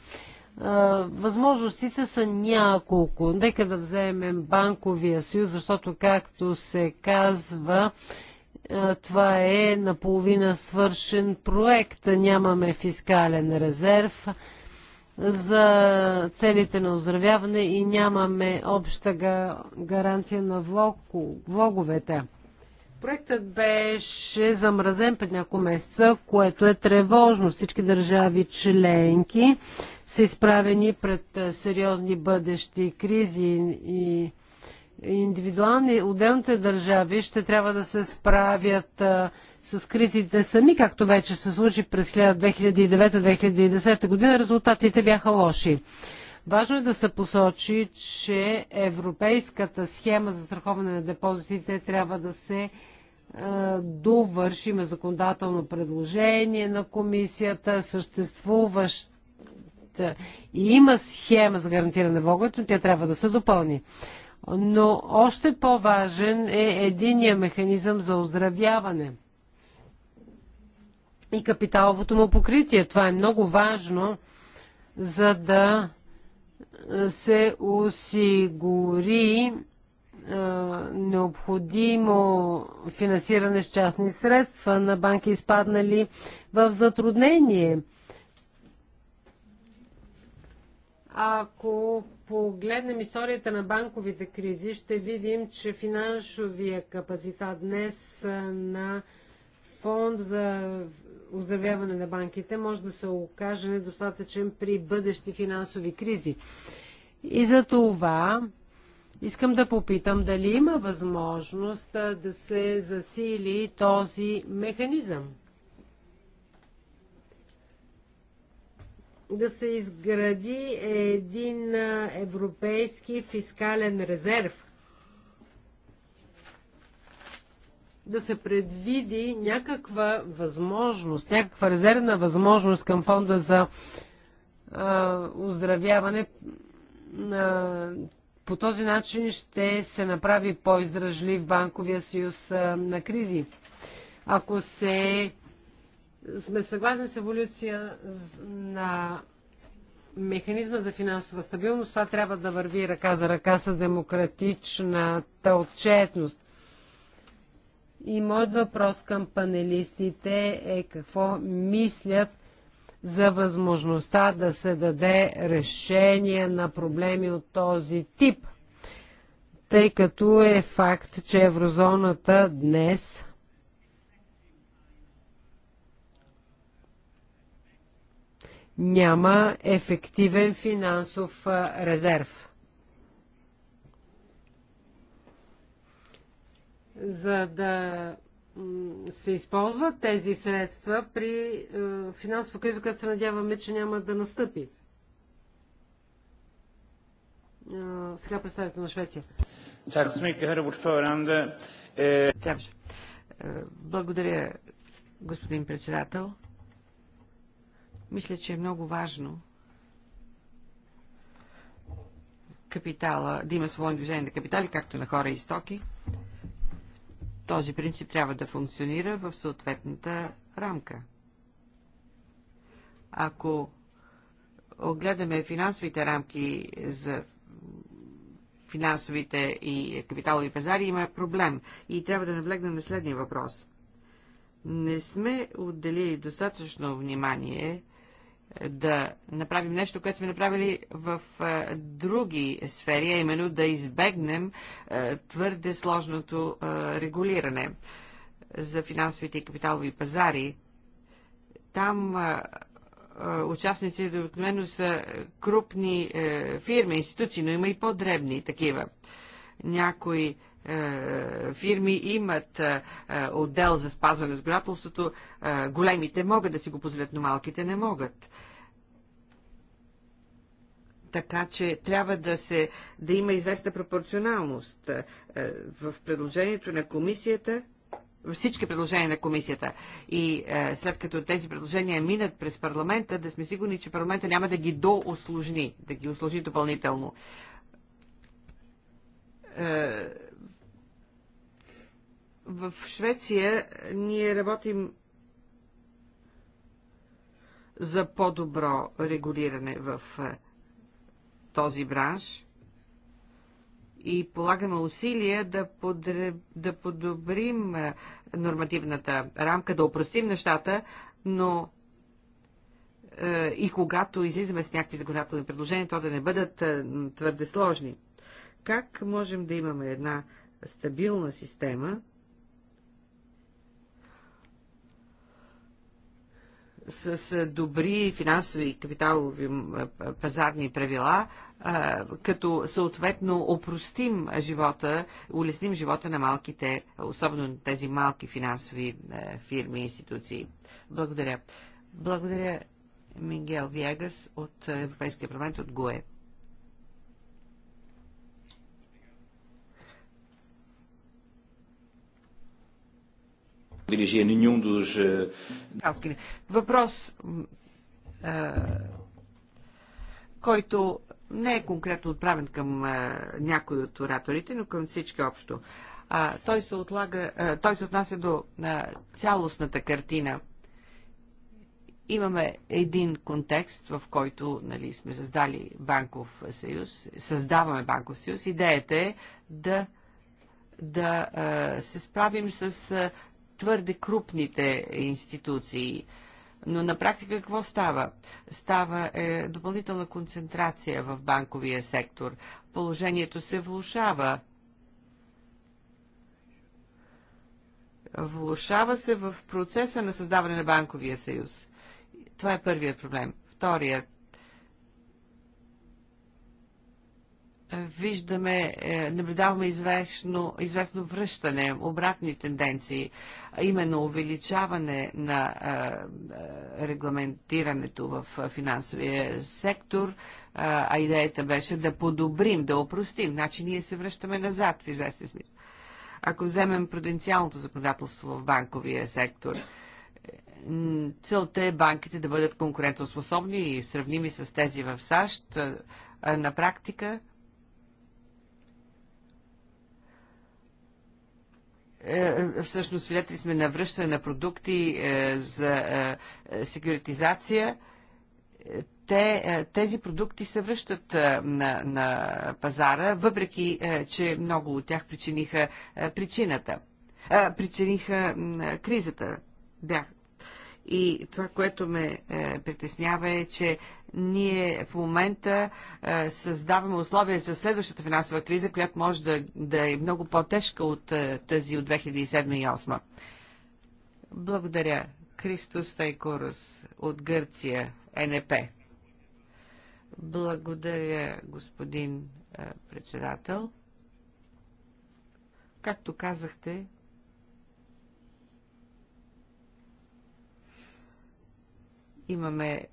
Speaker 2: Възможностите са няколко. Нека да вземем банковия съюз, защото, както се казва, това е наполовина свършен проект. Нямаме фискален резерв за целите на оздравяване и нямаме обща гаранция на влоговете. Проектът беше замразен пред няколко месеца, което е тревожно. Всички държави членки са изправени пред сериозни бъдещи кризи и индивидуални, отделните държави ще трябва да се справят с кризите сами, както вече се случи през 2009-2010 година. Резултатите бяха лоши. Важно е да се посочи, че европейската схема за страховане на депозитите трябва да се е, довършиме законодателно предложение на комисията, съществуващ и има схема за гарантиране на влоговете, но тя трябва да се допълни. Но още по-важен е единия механизъм за оздравяване и капиталовото му покритие. Това е много важно, за да се осигури необходимо финансиране с частни средства на банки, изпаднали в затруднение. Ако погледнем историята на банковите кризи, ще видим, че финансовия капацитет днес на фонд за оздравяване на банките може да се окаже недостатъчен при бъдещи финансови кризи. И за това искам да попитам дали има възможност да се засили този механизъм. Да се изгради един европейски фискален резерв, да се предвиди някаква възможност, някаква резервна възможност към фонда за а, оздравяване. А, по този начин ще се направи по-издръжлив банковия съюз а, на кризи. Ако се сме съгласни с еволюция на механизма за финансова стабилност, това трябва да върви ръка за ръка с демократичната отчетност. И моят въпрос към панелистите е какво мислят за възможността да се даде решение на проблеми от този тип, тъй като е факт, че еврозоната днес няма ефективен финансов резерв. за да се използват тези средства при е, финансова криза, която се надяваме, че няма да настъпи. Е, сега представител на Швеция. Eh, е, благодаря,
Speaker 3: господин председател. Мисля, че е много важно капитала, да има свободно движение на капитали, както на хора и стоки. Този принцип трябва да функционира в съответната рамка. Ако огледаме финансовите рамки за финансовите и капиталови пазари, има проблем и трябва да навлегнем на следния въпрос. Не сме отделили достатъчно внимание да направим нещо, което сме направили в а, други сфери, а именно да избегнем а, твърде сложното а, регулиране за финансовите и капиталови пазари. Там а, участниците обикновено са крупни а, е, фирми, институции, но има и по-дребни такива. Някои е, фирми имат е, отдел за спазване на законодателството. Е, големите могат да си го позволят, но малките не могат. Така че трябва да, се, да има известна пропорционалност в предложението на комисията всички предложения на комисията. И е, след като тези предложения минат през парламента, да сме сигурни, че парламента няма да ги доосложни, да ги осложни допълнително. Е, в Швеция ние работим за по-добро регулиране в е, този бранш и полагаме усилия да, подре, да подобрим е, нормативната рамка, да упростим нещата, но е, и когато излизаме с някакви законодателни предложения, то да не бъдат твърде сложни. Как можем да имаме една стабилна система, с добри финансови и капиталови пазарни правила, като съответно опростим живота, улесним живота на малките, особено на тези малки финансови е, фирми и институции. Благодаря. Благодаря, Мигел Виегас от Европейския парламент, от ГУЕ.
Speaker 1: Дирижия
Speaker 2: nenhum dos.
Speaker 3: Eh, Въпрос, който не е конкретно отправен към някои от ораторите, но към всички общо. А, той, се отлага, а, той се отнася до а, цялостната картина. Имаме един контекст, в който нали, сме създали банков съюз, създаваме банков съюз. Идеята е да, да а, се справим с а, твърде крупните институции. Но на практика какво става? Става е, допълнителна концентрация в банковия сектор. Положението се влушава. Влушава се в процеса на създаване на банковия съюз. Това е първият проблем. Вторият виждаме, е, наблюдаваме известно, известно връщане, обратни тенденции, именно увеличаване на е, е, регламентирането в финансовия сектор, а идеята беше да подобрим, да опростим. Значи ние се връщаме назад в известен смисъл. Ако вземем пруденциалното законодателство в банковия сектор, целта е банките да бъдат конкурентоспособни и сравними с тези в САЩ. На практика Е, е, всъщност свидетели сме на връщане на продукти е, за секюритизация. Те, тези продукти се връщат на, на пазара, въпреки че много от тях причиниха причината. Причиниха кризата. Бях, и това, което ме е, притеснява е, че ние в момента е, създаваме условия за следващата финансова криза, която може да, да е много по-тежка от е, тази от 2007 и 2008. Благодаря. Кристос Тайкорос от Гърция, НП. Благодаря, господин е, председател. Както казахте, Имаме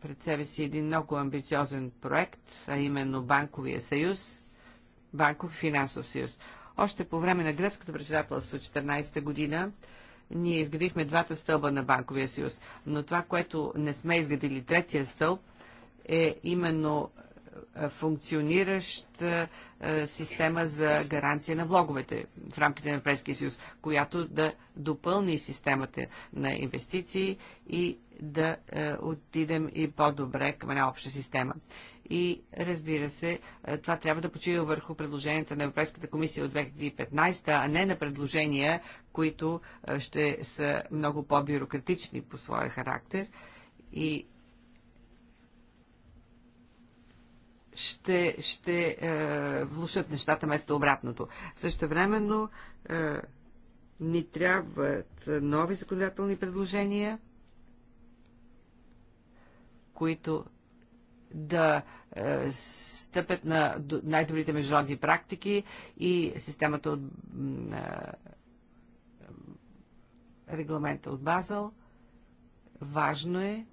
Speaker 3: пред себе си един много амбициозен проект, а именно Банковия съюз, Банков финансов съюз. Още по време на гръцкото председателство 14-та година ние изградихме двата стълба на Банковия съюз, но това, което не сме изградили третия стълб, е именно е, функционираща е, е, система за гаранция на влоговете в рамките на Европейския съюз, която да допълни системата на инвестиции и да отидем и по-добре към една обща система. И разбира се, това трябва да почива върху предложенията на Европейската комисия от 2015, а не на предложения, които ще са много по-бюрократични по своя характер и ще, ще е, влушат нещата вместо обратното. Също времено е, ни трябват нови законодателни предложения, които да е, стъпят на най-добрите международни практики и системата от е, регламента от Базъл. Важно е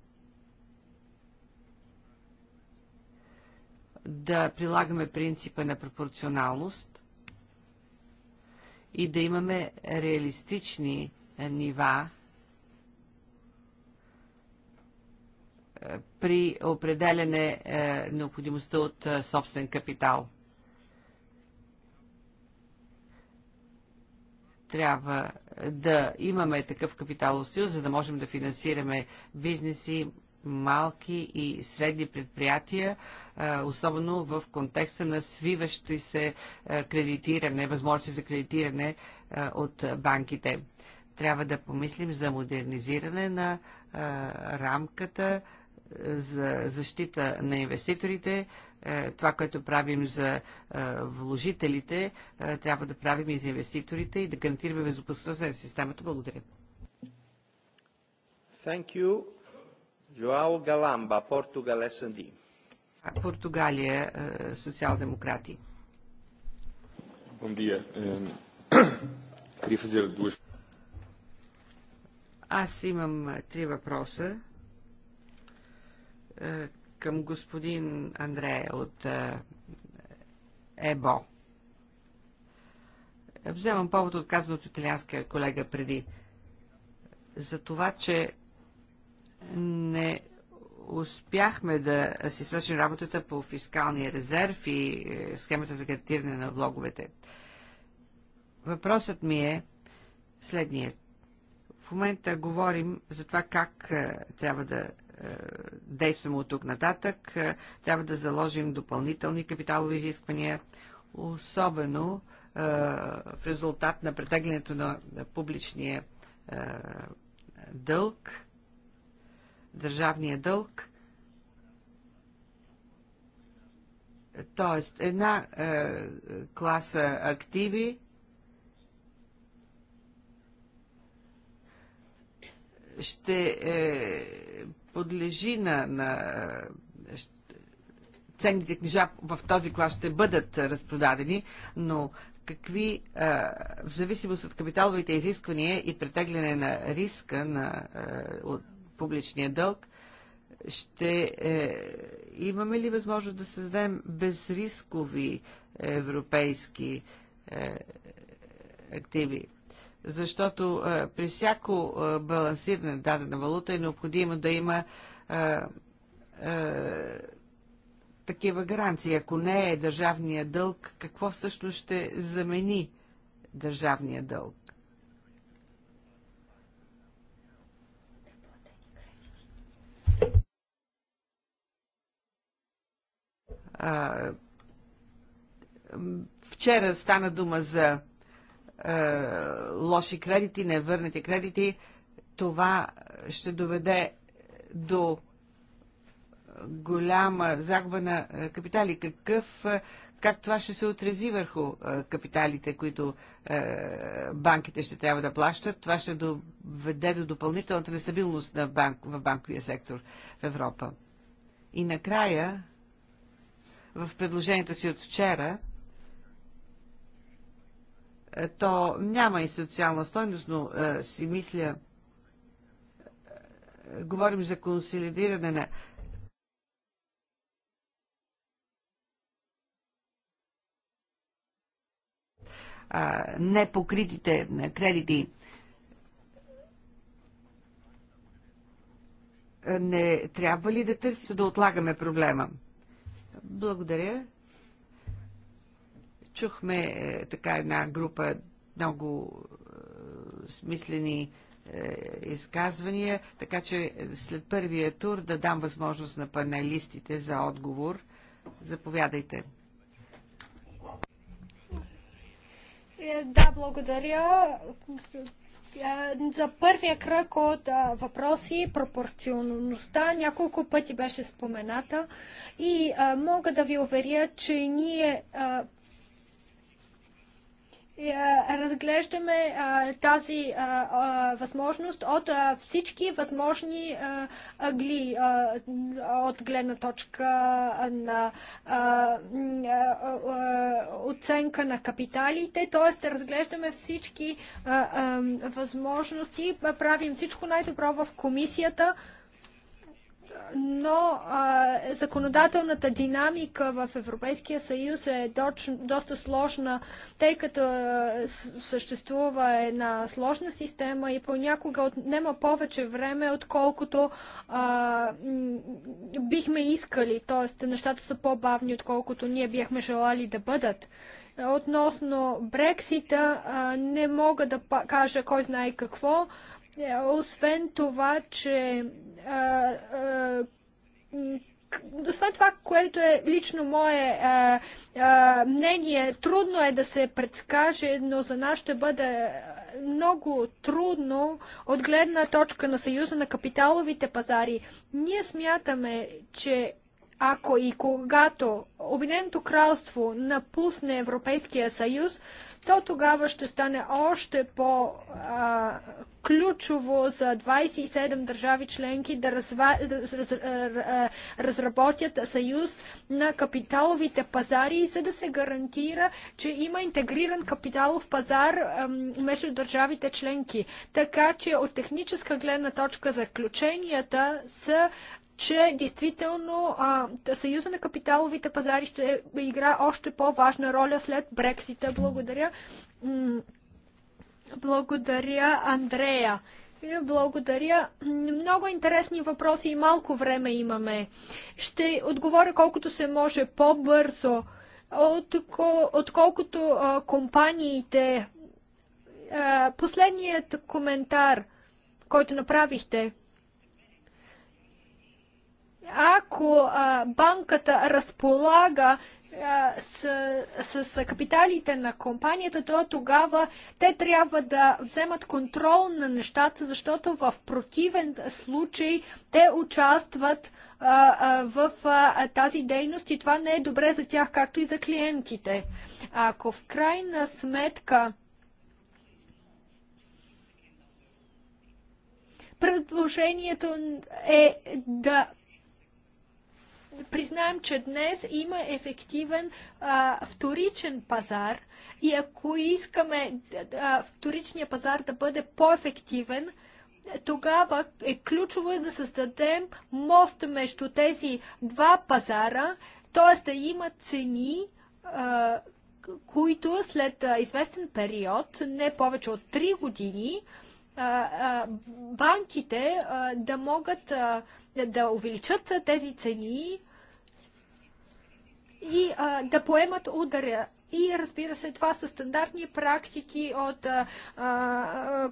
Speaker 3: да прилагаме принципа на пропорционалност и да имаме реалистични е, нива е, при определяне е, необходимостта от собствен капитал. Трябва да имаме такъв капиталов съюз, за да можем да финансираме бизнеси, малки и средни предприятия, особено в контекста на свиващи се кредитиране, възможности за кредитиране от банките. Трябва да помислим за модернизиране на рамката за защита на инвеститорите, това, което правим за вложителите, трябва да правим и за инвеститорите и да гарантираме безопасността на системата. Благодаря.
Speaker 1: Thank you. Жоао Галамба, Португал СНД.
Speaker 3: Португалия, е, социал-демократи.
Speaker 1: Bom dia. Queria fazer duas.
Speaker 3: Аз имам е, три въпроса е, към господин Андрея от ЕБО. Вземам повод от казаното от италианския колега преди за това, че не успяхме да си свършим работата по фискалния резерв и е, схемата за кредитиране на влоговете. Въпросът ми е следният. В момента говорим за това как е, трябва да е, действаме от тук нататък. Трябва да заложим допълнителни капиталови изисквания, особено в резултат на претеглянето на публичния дълг държавния дълг. Тоест, една е, класа активи ще е, подлежи на, на ценните книжа в този клас ще бъдат разпродадени, но какви, е, в зависимост от капиталовите изисквания и претегляне на риска на, е, от публичния дълг, ще е, имаме ли възможност да създадем безрискови европейски е, активи? Защото е, при всяко е, балансиране дадена валута е необходимо да има е, е, такива гаранции. Ако не е държавния дълг, какво всъщност ще замени държавния дълг? Вчера стана дума за лоши кредити, невърнати кредити. Това ще доведе до голяма загуба на капитали. Какъв, как това ще се отрези върху капиталите, които банките ще трябва да плащат? Това ще доведе до допълнителната нестабилност на банк, в банковия сектор в Европа. И накрая в предложението си от вчера, е, то няма и социална стойност, но е, си мисля, е, говорим за консолидиране на е, непокритите кредити. Е, не трябва ли да търсим да отлагаме проблема? Благодаря. Чухме е, така една група много е, смислени е, изказвания, така че след първия тур да дам възможност на панелистите за отговор. Заповядайте.
Speaker 1: Е, да, благодаря. За първия кръг от въпроси, пропорционалността няколко пъти беше спомената и мога да ви уверя, че ние е, разглеждаме а, тази а, а, възможност от всички възможни агли от гледна точка на оценка на капиталите, т.е. разглеждаме всички възможности, правим всичко най-добро в комисията, но а, законодателната динамика в Европейския съюз е доч, доста сложна, тъй като а, съществува една сложна система и понякога отнема повече време, отколкото а, бихме искали. Тоест, нещата са по-бавни, отколкото ние бихме желали да бъдат. Относно Брексита, а, не мога да кажа кой знае какво. А, е, освен това, че освен това, което е лично мое а, а, мнение, трудно е да се предскаже, но за нас ще бъде много трудно от гледна точка на Съюза на капиталовите пазари. Ние смятаме, че ако и когато Обединеното кралство напусне Европейския съюз, то тогава ще стане още по-ключово за 27 държави членки да разва... раз... Раз... разработят съюз на капиталовите пазари, за да се гарантира, че има интегриран капиталов пазар между държавите членки. Така че от техническа гледна точка заключенията са че действително а, Съюза на капиталовите пазари ще игра още по-важна роля след Брексита. Благодаря. Благодаря, Андрея. Благодаря. Много интересни въпроси и малко време имаме. Ще отговоря колкото се може по-бързо, отколкото компаниите. А, последният коментар, който направихте – ако а, банката разполага с, с, с капиталите на компанията, то тогава те трябва да вземат контрол на нещата, защото в противен случай те участват а, а, в а, тази дейност и това не е добре за тях, както и за клиентите. Ако в крайна сметка предложението е да признаем, че днес има ефективен а, вторичен пазар и ако искаме а, вторичния пазар да бъде по-ефективен, тогава е ключово е да създадем мост между тези два пазара, т.е. да има цени, а, които след известен период, не повече от 3 години, банките да могат да увеличат тези цени и да поемат удара. И разбира се, това са стандартни практики от а, а,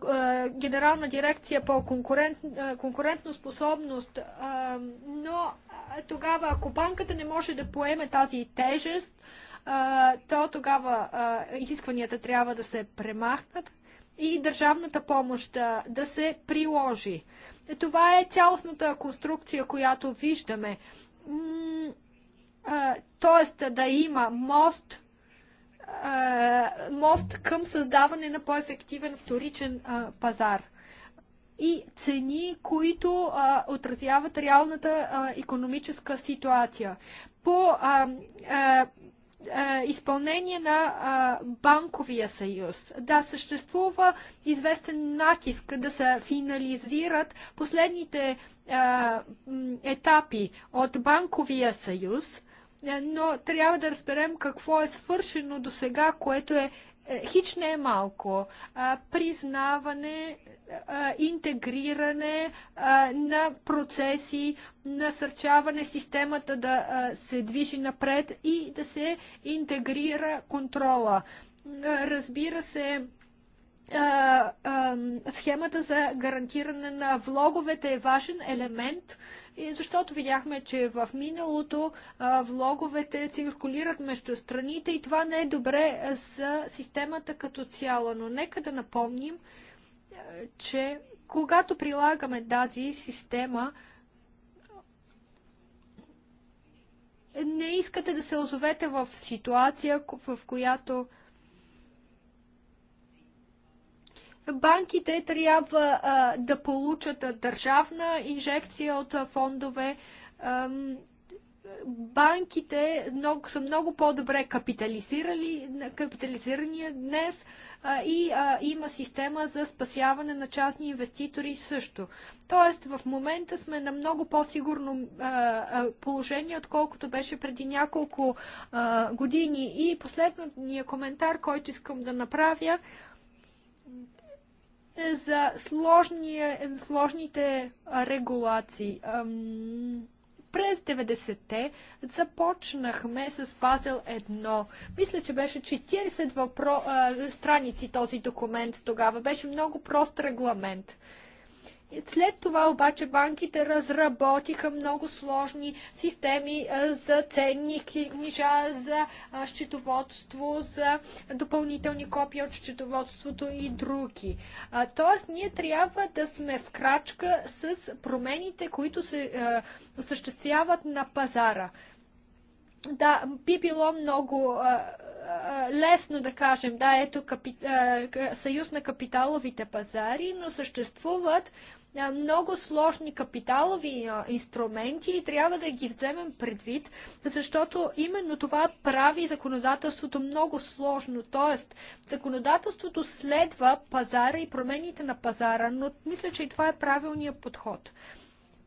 Speaker 1: а, Генерална дирекция по конкурент, а, конкурентоспособност. А, но а, тогава, ако банката не може да поеме тази тежест, а, то тогава а, изискванията трябва да се премахнат и държавната помощ да, да се приложи. Това е цялостната конструкция, която виждаме. Тоест да има мост, мост към създаване на по-ефективен вторичен пазар и цени, които а, отразяват реалната а, економическа ситуация. По а, а, е, изпълнение на е, банковия съюз. Да, съществува известен натиск да се финализират последните е, етапи от банковия съюз, но трябва да разберем какво е свършено до сега, което е е, хич не е малко. Признаване, интегриране на процеси, насърчаване системата да се движи напред и да се интегрира контрола. Разбира се, схемата за гарантиране на влоговете е важен елемент – и защото видяхме, че в миналото а, влоговете циркулират между страните и това не е добре за системата като цяло. Но нека да напомним, а, че когато прилагаме тази система, не искате да се озовете в ситуация, в която банките трябва а, да получат държавна инжекция от фондове. А, банките много, са много по-добре капитализирали, капитализирани днес а, и а, има система за спасяване на частни инвеститори също. Тоест, в момента сме на много по-сигурно положение, отколкото беше преди няколко а, години. И последният коментар, който искам да направя, за сложния, сложните регулации. През 90-те започнахме с пазел 1. Мисля, че беше 40 въпро... страници този документ тогава. Беше много прост регламент. След това обаче банките разработиха много сложни системи за ценни книжа, за счетоводство, за допълнителни копия от счетоводството и други. Тоест, ние трябва да сме в крачка с промените, които се осъществяват на пазара. Да, би било много лесно да кажем, да, ето капи, съюз на капиталовите пазари, но съществуват много сложни капиталови инструменти и трябва да ги вземем предвид, защото именно това прави законодателството много сложно. Тоест, законодателството следва пазара и промените на пазара, но мисля, че и това е правилният подход.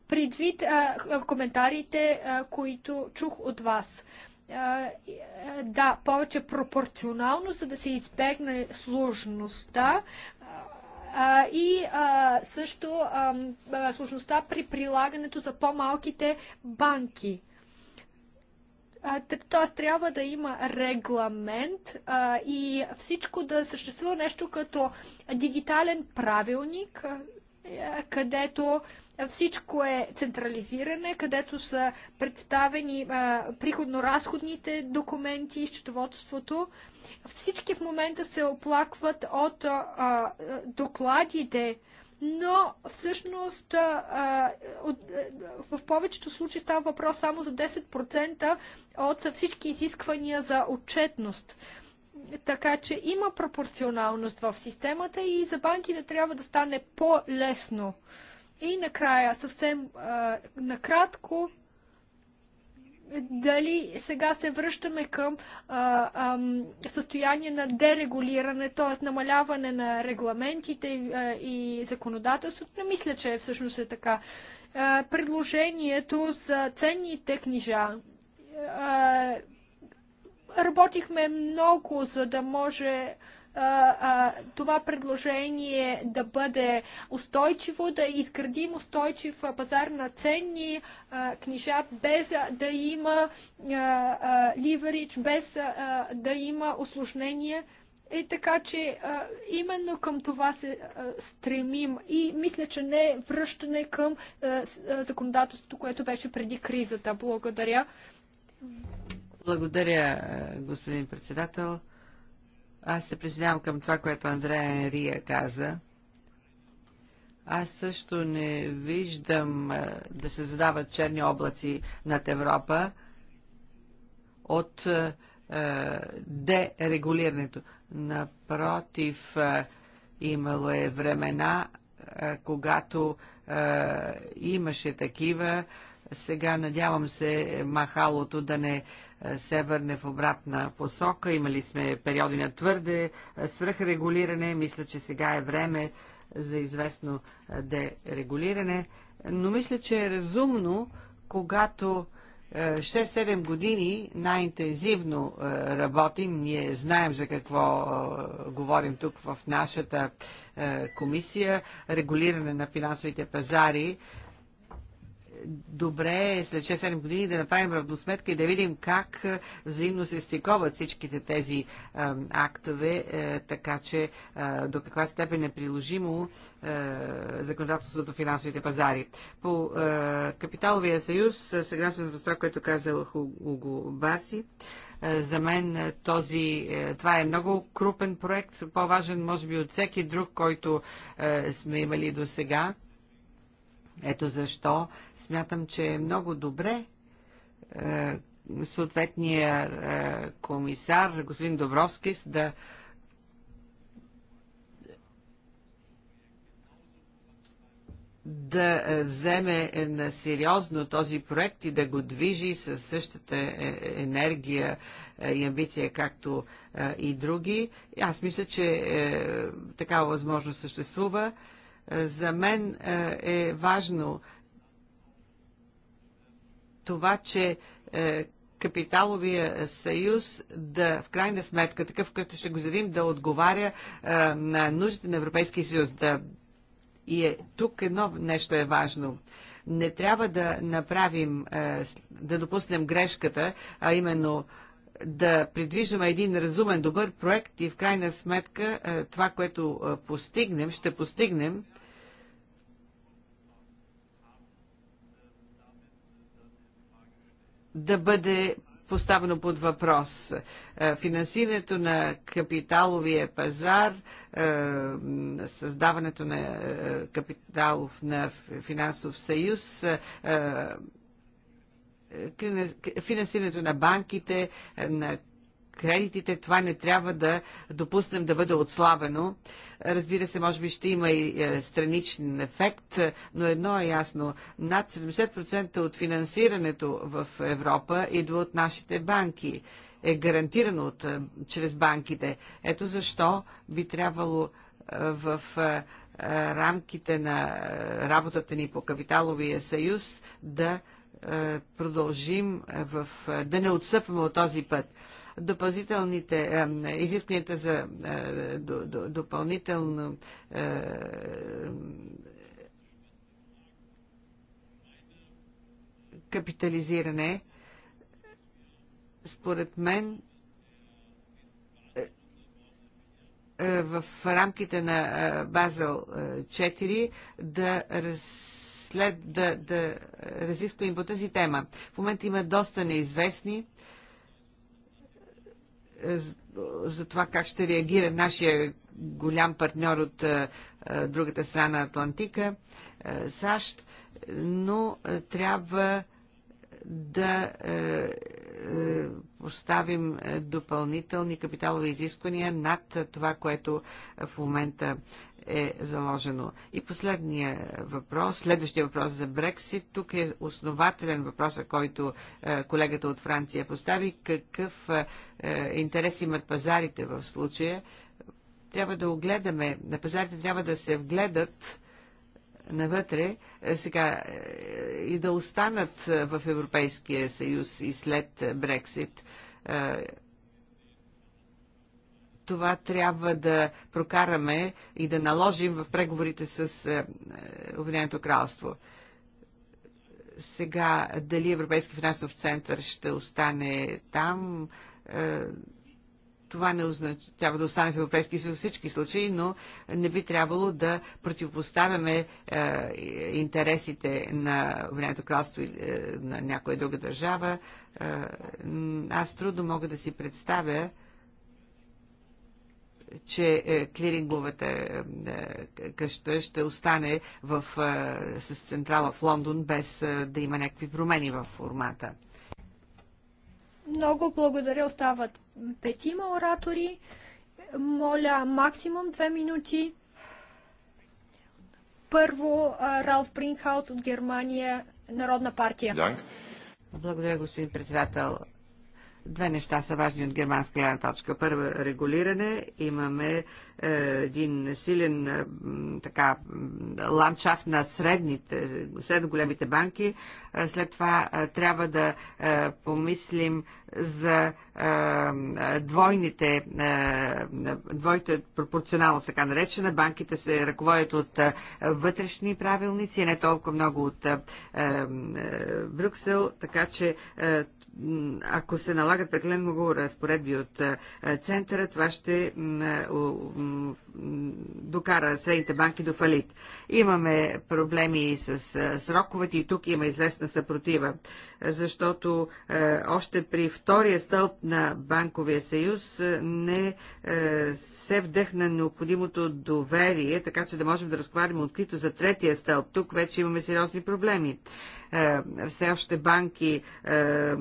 Speaker 1: Предвид а, коментарите, а, които чух от вас да, повече пропорционално, за да се избегне сложността, а, и а, също а, сложността при прилагането за по-малките банки. Т.е. трябва да има регламент а, и всичко да съществува нещо като дигитален правилник, е, където всичко е централизиране, където са представени приходно-разходните документи, счетоводството. Всички в момента се оплакват от докладите, но всъщност в повечето случаи става въпрос само за 10% от всички изисквания за отчетност. Така че има пропорционалност в системата и за банките трябва да стане по-лесно. И накрая, съвсем а, накратко, дали сега се връщаме към а, а, състояние на дерегулиране, т.е. намаляване на регламентите и, а, и законодателството. Не мисля, че всъщност е така. А, предложението за ценните книжа. А, Работихме много, за да може а, а, това предложение да бъде устойчиво, да изградим устойчив пазар на ценни а, книжа, без да има ливерич, без да има осложнения. И е, така, че а, именно към това се а, стремим и мисля, че не връщане към законодателството, което беше преди кризата. Благодаря.
Speaker 3: Благодаря, господин председател. Аз се присъединявам към това, което Андрея Рия каза. Аз също не виждам да се задават черни облаци над Европа от дерегулирането. Напротив, имало е времена, когато имаше такива. Сега надявам се махалото да не се върне в обратна посока. Имали сме периоди на твърде е, свръхрегулиране. Мисля, че сега е време за известно е, дерегулиране. Но мисля, че е разумно, когато 6-7 е, години най-интензивно работим. Ние знаем за какво говорим тук в нашата комисия. Регулиране на финансовите пазари добре е след 6-7 години да направим равносметка и да видим как е, взаимно се стиковат всичките тези а, е, актове, а, така че а, до каква степен е приложимо законодателството в финансовите пазари. По капиталовия съюз, съгласен с това, което каза Уго Баси, за мен този, това е много крупен проект, по-важен може би от всеки друг, който сме имали до сега ето защо смятам, че е много добре е, съответния е, комисар, господин Добровски, да да е, вземе на сериозно този проект и да го движи с същата е, енергия е, и амбиция, както и други. Аз мисля, че такава възможност съществува. За мен е, е важно това, че е, капиталовия съюз да, в крайна сметка, такъв, като ще го задим, да отговаря е, на нуждите на Европейския съюз. Да... И е, тук едно нещо е важно не трябва да направим, да допуснем грешката, а именно да придвижваме един разумен, добър проект и в крайна сметка това, което постигнем, ще постигнем, да бъде поставено под въпрос. Е, финансирането на капиталовия пазар, е, създаването на е, капиталов на финансов съюз, финансирането на банките, на кредитите, това не трябва да допуснем да бъде отслабено. Разбира се, може би ще има и е, страничен ефект, но едно е ясно. Над 70% от финансирането в Европа идва от нашите банки. Е гарантирано от, е, чрез банките. Ето защо би трябвало е, в рамките на работата ни по капиталовия съюз да продължим в, да не отстъпваме от този път допълнителните изискванията за е, допълнително е, капитализиране, според мен, е, в рамките на Базел 4 да разслед, да, да разискваме по тази тема. В момента има доста неизвестни за това как ще реагира нашия голям партньор от другата страна на Атлантика, САЩ, но трябва да поставим допълнителни капиталови изисквания над това, което в момента е заложено. И последния въпрос, следващия въпрос за Брексит, тук е основателен въпрос, който е, колегата от Франция постави. Какъв е, е, интерес имат пазарите в случая? Трябва да огледаме, на пазарите трябва да се вгледат навътре сега и да останат в Европейския съюз и след Брексит това трябва да прокараме и да наложим в преговорите с е, е, Обединеното кралство. Сега, дали Европейски финансов център ще остане там, е, това не означава, трябва да остане в Европейски съюз всички случаи, но не би трябвало да противопоставяме интересите на Обединеното кралство или на някоя друга държава. аз трудно мога да си представя, че е, клиринговата е, къща ще остане в, е, с централа в Лондон, без да има някакви промени в формата.
Speaker 1: Много благодаря. Остават петима оратори. Моля, максимум две минути. Първо, Ралф Принхаус от Германия, Народна партия.
Speaker 3: Благодаря, господин председател. Две неща са важни от германска гледна точка. Първо, регулиране. Имаме е, един силен е, така, ландшафт на средните, средно големите банки. Е, след това е, трябва да е, помислим за е, двойните, е, двойните пропорционалност, така наречена. Банките се ръководят от е, вътрешни правилници, не толкова много от е, е, е Брюксел, така че е, ако се налагат прекалено много разпоредби от центъра, това ще докара средните банки до фалит. Имаме проблеми с сроковете и тук има известна съпротива, защото още при втория стълб на Банковия съюз не се вдъхна необходимото доверие, така че да можем да разговаряме открито за третия стълб. Тук вече имаме сериозни проблеми. Е, все още банки е,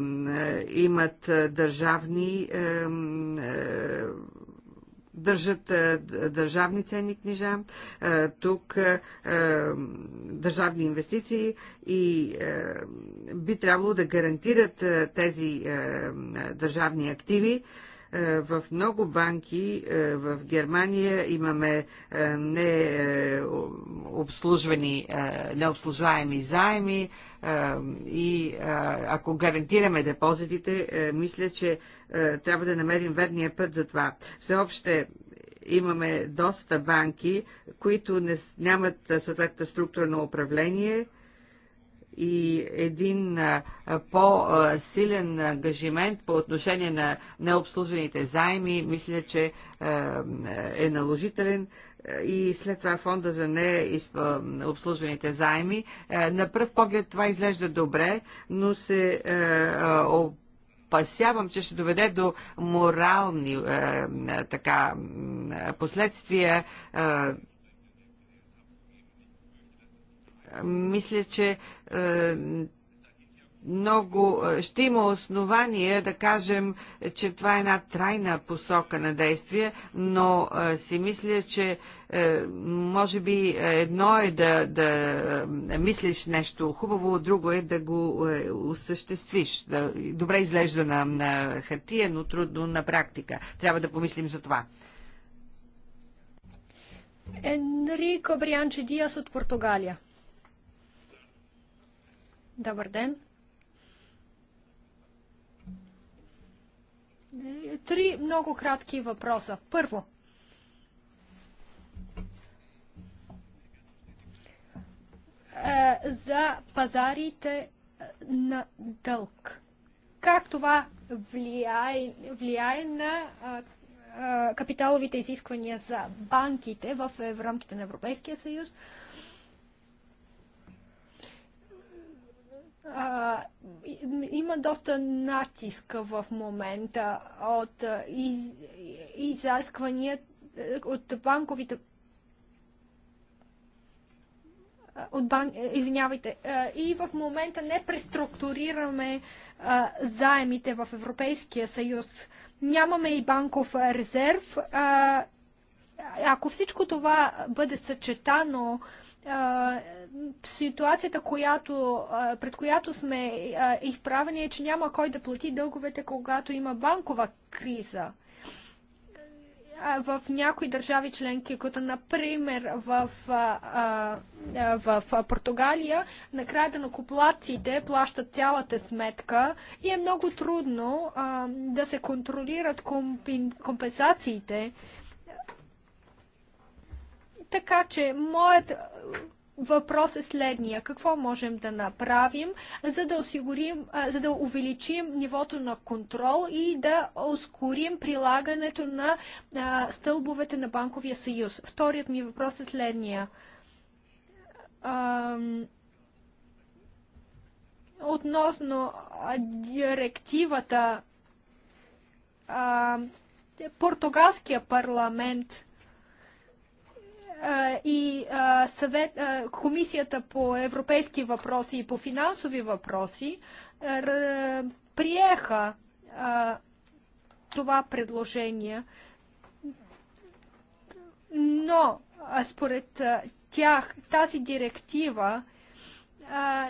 Speaker 3: имат е, държавни държат държавни ценни книжа, тук държавни инвестиции и би трябвало да гарантират тези държавни активи е, в много банки е, в Германия имаме е, необслужвани, необслужваеми заеми и ако гарантираме депозитите, мисля, че трябва да намерим верния път за това. Всеобще имаме доста банки, които не, нямат съответната структура на управление – и един по-силен ангажимент по отношение на необслужените займи, мисля, че е наложителен и след това фонда за необслужените заеми. Е, на пръв поглед това изглежда добре, но се е, е, опасявам, че ще доведе до морални така, последствия мисля, че е, много е, ще има основания да кажем, че това е една трайна посока на действие, но е, си мисля, че може би едно е да, да мислиш нещо хубаво, друго е да го осъществиш. Да, добре изглежда на, на хартия, но трудно на практика. Трябва да помислим за това.
Speaker 1: Енрико Брианче Диас от Португалия. Добър ден. Е, три много кратки въпроса. Първо. Е, за пазарите е, на дълг. Как това влияе, влияе на капиталовите изисквания за банките в рамките на Европейския съюз? а, има доста натиск в момента от из, изисквания от банковите от бан... Извинявайте. И в момента не преструктурираме заемите в Европейския съюз. Нямаме и банков резерв. ако всичко това бъде съчетано, ситуацията, която, пред която сме изправени е, че няма кой да плати дълговете, когато има банкова криза. В някои държави членки, като например в, в, в Португалия, накрая да накоплаците плащат цялата сметка и е много трудно а, да се контролират компенсациите. Така че моят Въпрос е следния. Какво можем да направим, за да, осигурим, за да увеличим нивото на контрол и да ускорим прилагането на стълбовете на Банковия съюз? Вторият ми въпрос е следния. относно директивата, португалския парламент и съвет, Комисията по европейски въпроси и по финансови въпроси приеха това предложение. Но според тях тази директива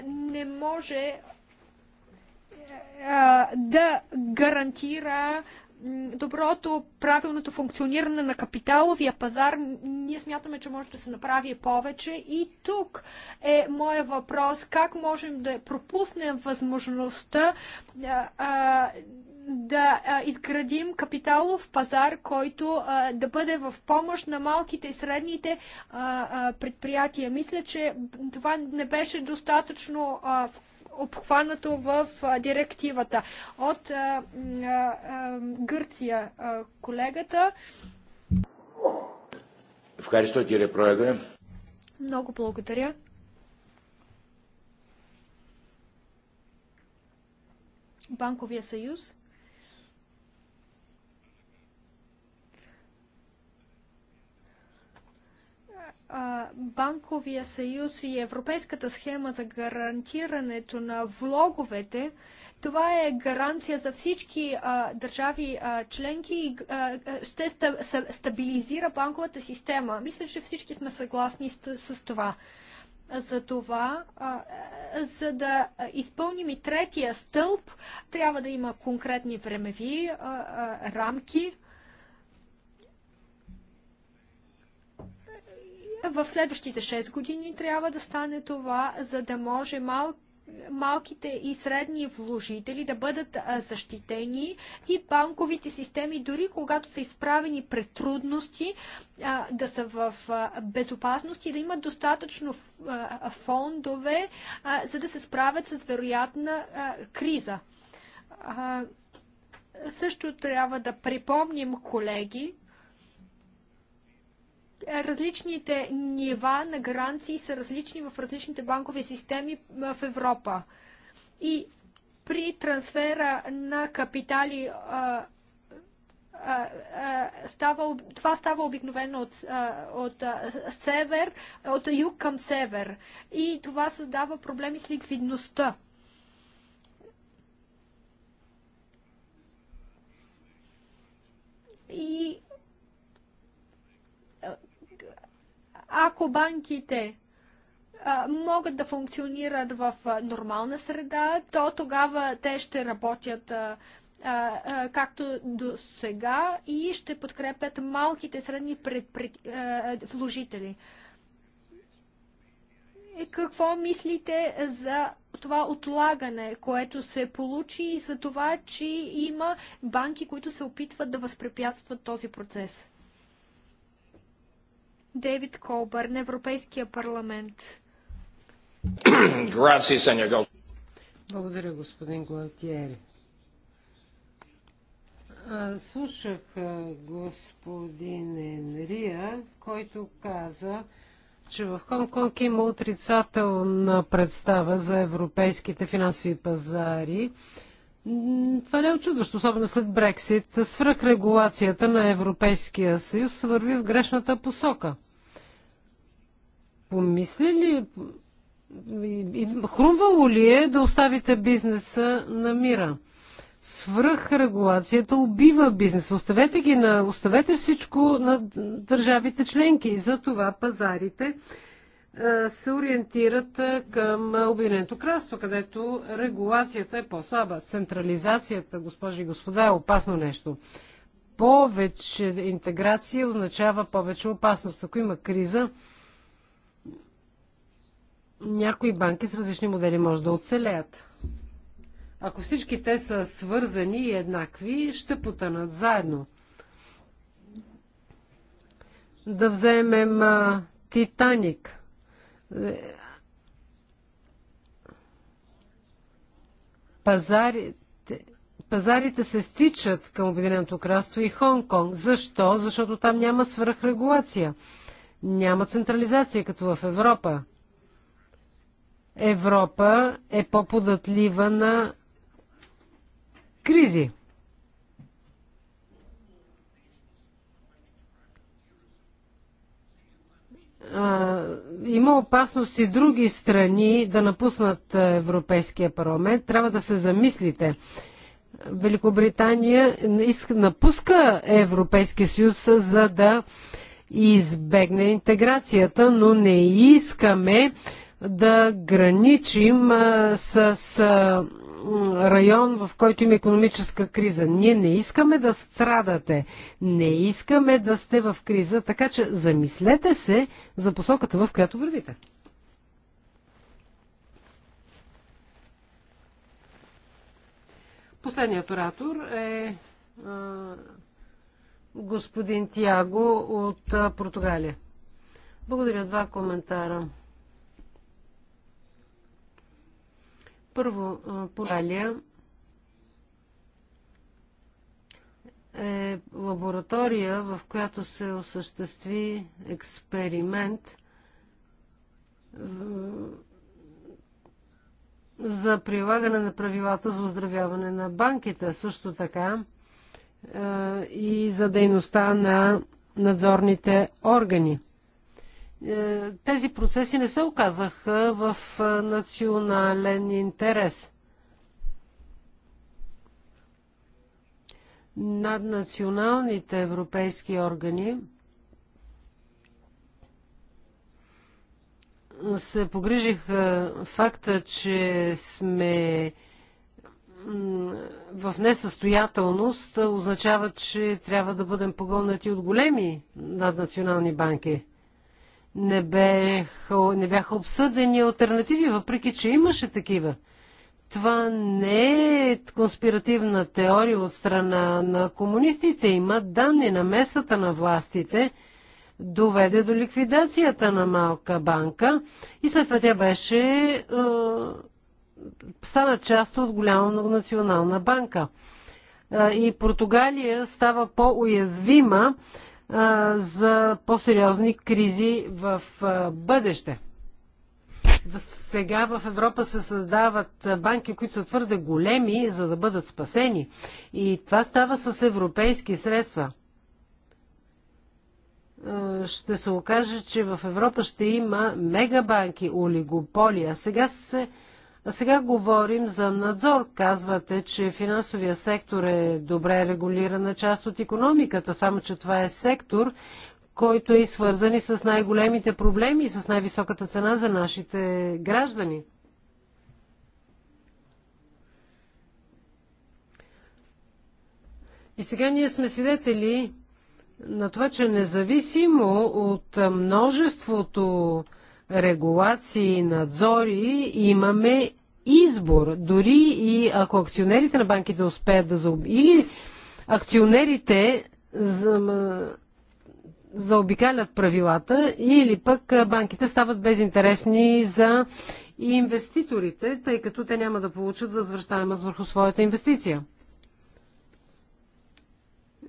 Speaker 1: не може да гарантира доброто, правилното функциониране на капиталовия пазар, ние смятаме, че може да се направи повече. И тук е моя въпрос, как можем да пропуснем възможността а, а, да изградим капиталов пазар, който а, да бъде в помощ на малките и средните а, а, предприятия. Мисля, че това не беше достатъчно а, обхванато в директивата. От Гърция колегата. Ευχαριστώ ти Πρόεδρε. Много благодаря. Банковия съюз. банковия съюз и европейската схема за гарантирането на влоговете, това е гаранция за всички държави членки и ще стабилизира банковата система. Мисля, че всички сме съгласни с, това. За това, за да изпълним и третия стълб, трябва да има конкретни времеви рамки, в следващите 6 години трябва да стане това, за да може мал, малките и средни вложители да бъдат защитени и банковите системи, дори когато са изправени пред трудности, да са в безопасност и да имат достатъчно фондове, за да се справят с вероятна криза. Също трябва да припомним, колеги, е, различните нива на гаранции са различни в различните банкови системи в Европа. И при трансфера на капитали а, а, а, става, това става обикновено от, от север, от юг към север. И това създава проблеми с ликвидността. И Ако банките могат да функционират в нормална среда, то тогава те ще работят както до сега и ще подкрепят малките средни предпред, вложители. Е, какво мислите за това отлагане, което се получи и за това, че има банки, които се опитват да възпрепятстват този процес? Дейвид Колбър на Европейския парламент.
Speaker 2: Благодаря, господин Гуалтиери. Слушах господин Енрия, който каза, че в Хонг-Конг има отрицателна представа за европейските финансови пазари това не е очудващо, особено след Брексит. Свръхрегулацията на Европейския съюз върви в грешната посока. Помисли ли, хрумвало ли е да оставите бизнеса на мира? Свръхрегулацията убива бизнеса. Оставете ги на, оставете всичко на държавите членки. И за това пазарите е, се ориентират е, към Обединеното кралство, където регулацията е по-слаба. Централизацията, госпожи и господа, е опасно нещо. Повече интеграция означава повече опасност. Ако има криза, някои банки с различни модели може да оцелеят. Ако всички те са свързани и еднакви, ще потънат заедно. Да вземем Титаник – Пазарите, пазарите се стичат към Обединеното кралство и Хонг-Конг. Защо? Защото там няма свръхрегулация. Няма централизация, като в Европа. Европа е по-податлива на кризи. а, има опасност и други страни да напуснат Европейския парламент. Трябва да се замислите. Великобритания напуска Европейския съюз, за да избегне интеграцията, но не искаме да граничим а, с. А, район, в който има економическа криза. Ние не искаме да страдате, не искаме да сте в криза, така че замислете се за посоката, в която вървите. Последният оратор е а, господин Тиаго от а, Португалия. Благодаря. Два коментара. Първо, Поралия е лаборатория, в която се осъществи експеримент за прилагане на правилата за оздравяване на банките. Също така и за дейността на надзорните органи. Е, тези процеси не се оказаха в е, национален интерес. Над националните европейски органи се погрижиха факта, че сме в несъстоятелност, означава, че трябва да бъдем погълнати от големи наднационални банки не бяха, не бяха обсъдени альтернативи, въпреки че имаше такива. Това не е конспиративна теория от страна на комунистите. Има данни на месата на властите, доведе до ликвидацията на малка банка и след това тя беше е, стана част от голяма национална банка. Е, и Португалия става по-уязвима за по-сериозни кризи в бъдеще. Сега в Европа се създават банки, които са твърде големи, за да бъдат спасени. И това става с европейски средства. Ще се окаже, че в Европа ще има мегабанки, олигополия. Сега се а сега говорим за надзор. Казвате, че финансовия сектор е добре регулирана част от економиката, само че това е сектор, който е свързан и с най-големите проблеми и с най-високата цена за нашите граждани. И сега ние сме свидетели на това, че независимо от множеството регулации и надзори имаме избор. Дори и ако акционерите на банките успеят да заоб... или акционерите за... заобикалят правилата, или пък банките стават безинтересни за инвеститорите, тъй като те няма да получат възвръщаема върху своята инвестиция.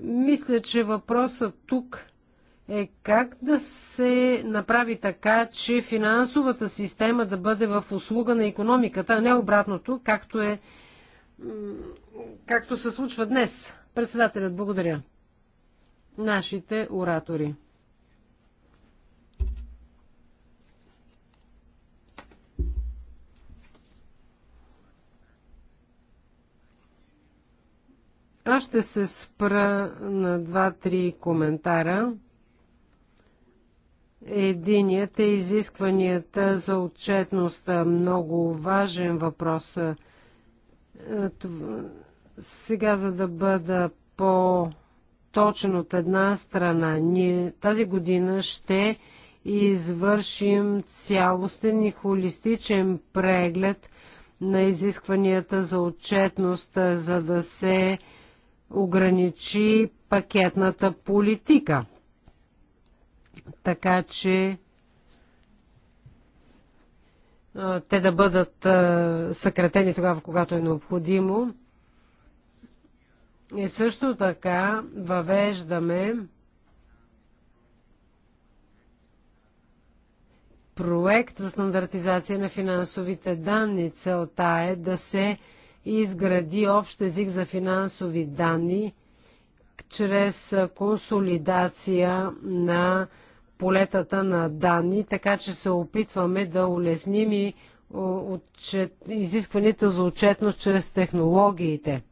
Speaker 2: Мисля, че въпросът тук е как да се направи така, че финансовата система да бъде в услуга на економиката, а не обратното, както, е, както се случва днес. Председателят, благодаря. Нашите оратори. Аз ще се спра на два-три коментара. Единият е изискванията за отчетност. Много важен въпрос. Е, сега, за да бъда по точен от една страна, ние тази година ще извършим цялостен и холистичен преглед на изискванията за отчетност, е, за да се ограничи пакетната политика така че те да бъдат съкратени тогава, когато е необходимо. И също така въвеждаме проект за стандартизация на финансовите данни. Целта е да се изгради общ език за финансови данни чрез консолидация на полетата на данни, така че се опитваме да улесним и отчет, изискванията за отчетност чрез технологиите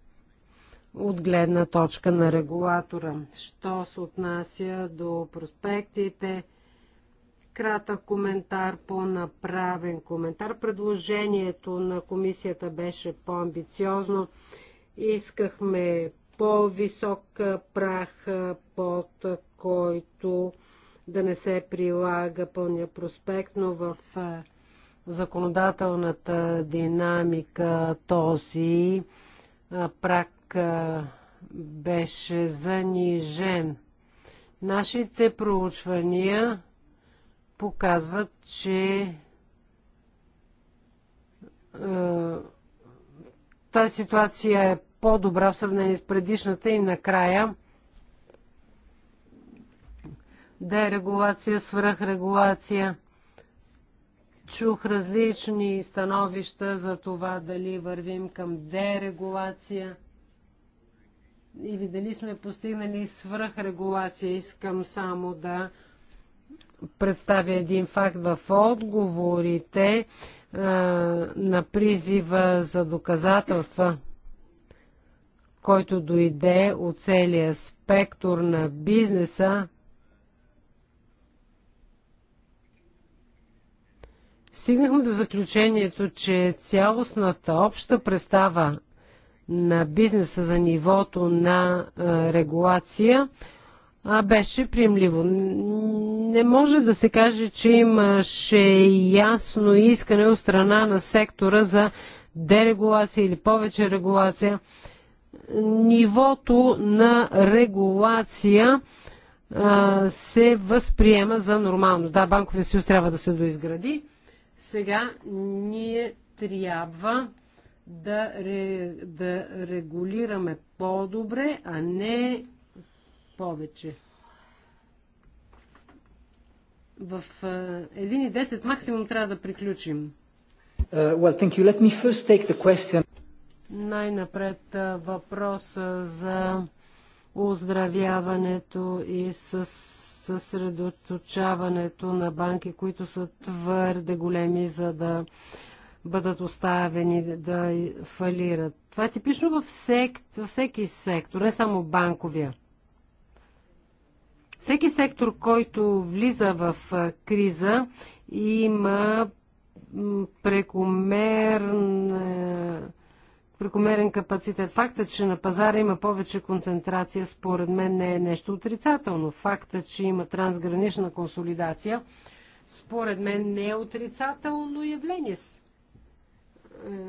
Speaker 2: от гледна точка на регулатора. Що се отнася до проспектите, кратък коментар по направен коментар. Предложението на комисията беше по-амбициозно. Искахме по-висок прах, под който да не се прилага пълния проспект, но в законодателната динамика този прак беше занижен. Нашите проучвания показват, че тази ситуация е по-добра в сравнение с предишната и накрая дерегулация, свръхрегулация. Чух различни становища за това дали вървим към дерегулация или дали сме постигнали свръхрегулация. Искам само да представя един факт в отговорите а, е, на призива за доказателства, който дойде от целия спектър на бизнеса. Стигнахме до заключението, че цялостната обща представа на бизнеса за нивото на регулация беше приемливо. Не може да се каже, че имаше ясно искане от страна на сектора за дерегулация или повече регулация. Нивото на регулация се възприема за нормално. Да, банковия съюз трябва да се доизгради, сега ние трябва да, ре, да регулираме по-добре, а не повече. В 1.10 е, максимум трябва да приключим. Uh, well, thank you. Let me first take the question. Най-напред въпроса за оздравяването и с съсредоточаването на банки, които са твърде големи, за да бъдат оставени да фалират. Това е типично във, сект, във всеки сектор, не само банковия. Всеки сектор, който влиза в криза, има прекомерна прекомерен капацитет. Факта, че на пазара има повече концентрация, според мен не е нещо отрицателно. Факта, че има трансгранична консолидация, според мен не е отрицателно явление. Е,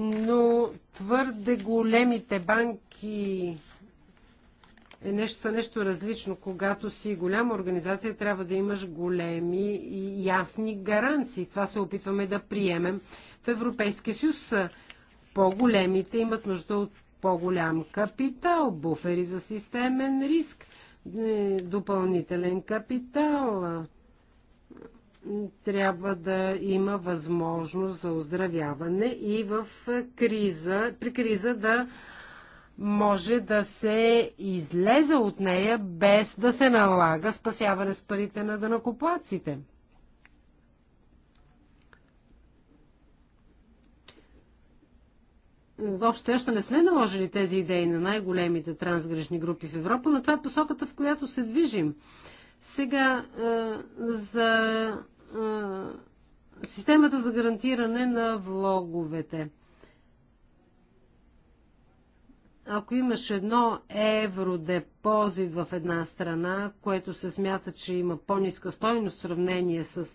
Speaker 2: но твърде големите банки е нещо, са нещо различно. Когато си голяма организация, трябва да имаш големи и ясни гаранции. Това се опитваме да приемем в Европейския съюз. По-големите имат нужда от по-голям капитал, буфери за системен риск, е, допълнителен капитал. Трябва да има възможност за оздравяване и в криза, при криза да може да се излезе от нея без да се налага спасяване с парите на дънакоплаците. Въобще още не сме наложили тези идеи на най-големите трансгрешни групи в Европа, но това е посоката, в която се движим. Сега за системата за гарантиране на влоговете – ако имаш едно евро депозит в една страна, което се смята, че има по-ниска стоеност в сравнение с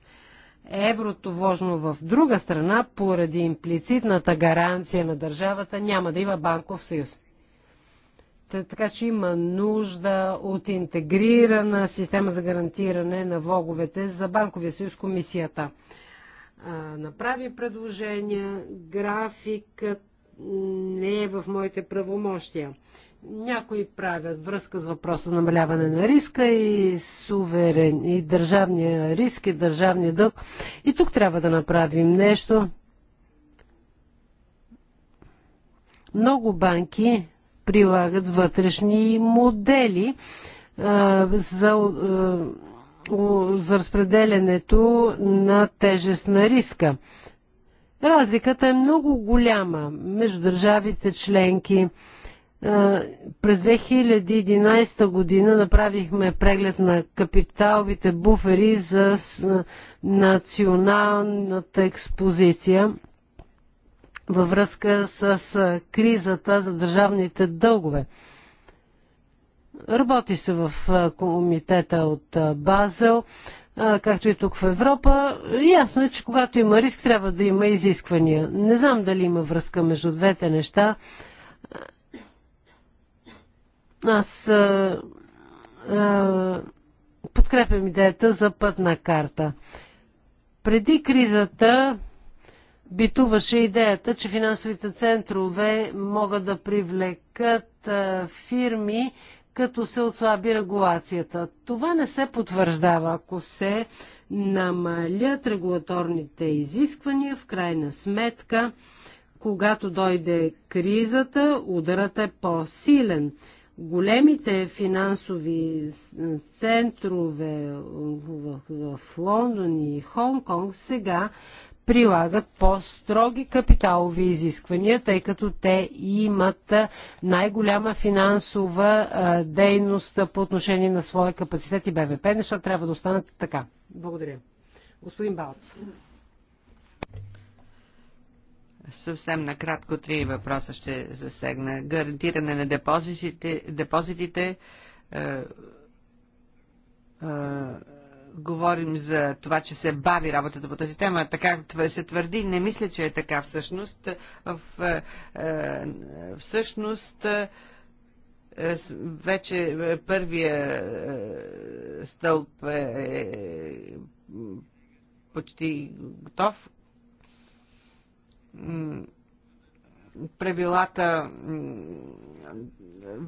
Speaker 2: еврото вложено в друга страна, поради имплицитната гаранция на държавата, няма да има банков съюз. Така че има нужда от интегрирана система за гарантиране на влоговете за Банковия съюз комисията. Направи предложения, графикът не е в моите правомощия. Някои правят връзка с въпроса намаляване на риска и суверен, и държавния риск, и държавния дълг. И тук трябва да направим нещо. Много банки прилагат вътрешни модели а, за, а, за разпределянето на тежест на риска. Разликата е много голяма между държавите членки. През 2011 година направихме преглед на капиталовите буфери за националната експозиция във връзка с кризата за държавните дългове. Работи се в комитета от Базел както и тук в Европа. Ясно е, че когато има риск, трябва да има изисквания. Не знам дали има връзка между двете неща. Аз а, а, подкрепям идеята за пътна карта. Преди кризата битуваше идеята, че финансовите центрове могат да привлекат а, фирми, като се отслаби регулацията. Това не се потвърждава, ако се намалят регулаторните изисквания, в крайна сметка, когато дойде кризата, ударът е по-силен. Големите финансови центрове в Лондон и Хонг-Конг сега прилагат по-строги капиталови изисквания, тъй като те имат най-голяма финансова дейност по отношение на своя капацитет и БВП. Неща трябва да останат така. Благодаря. Господин Балц. Съвсем
Speaker 3: накратко три въпроса ще засегна. Гарантиране на депозитите, депозитите е, е, говорим за това, че се бави работата по тази тема, така се твърди, не мисля, че е така всъщност. В, е, е, всъщност е, вече първия стълб е почти готов. Правилата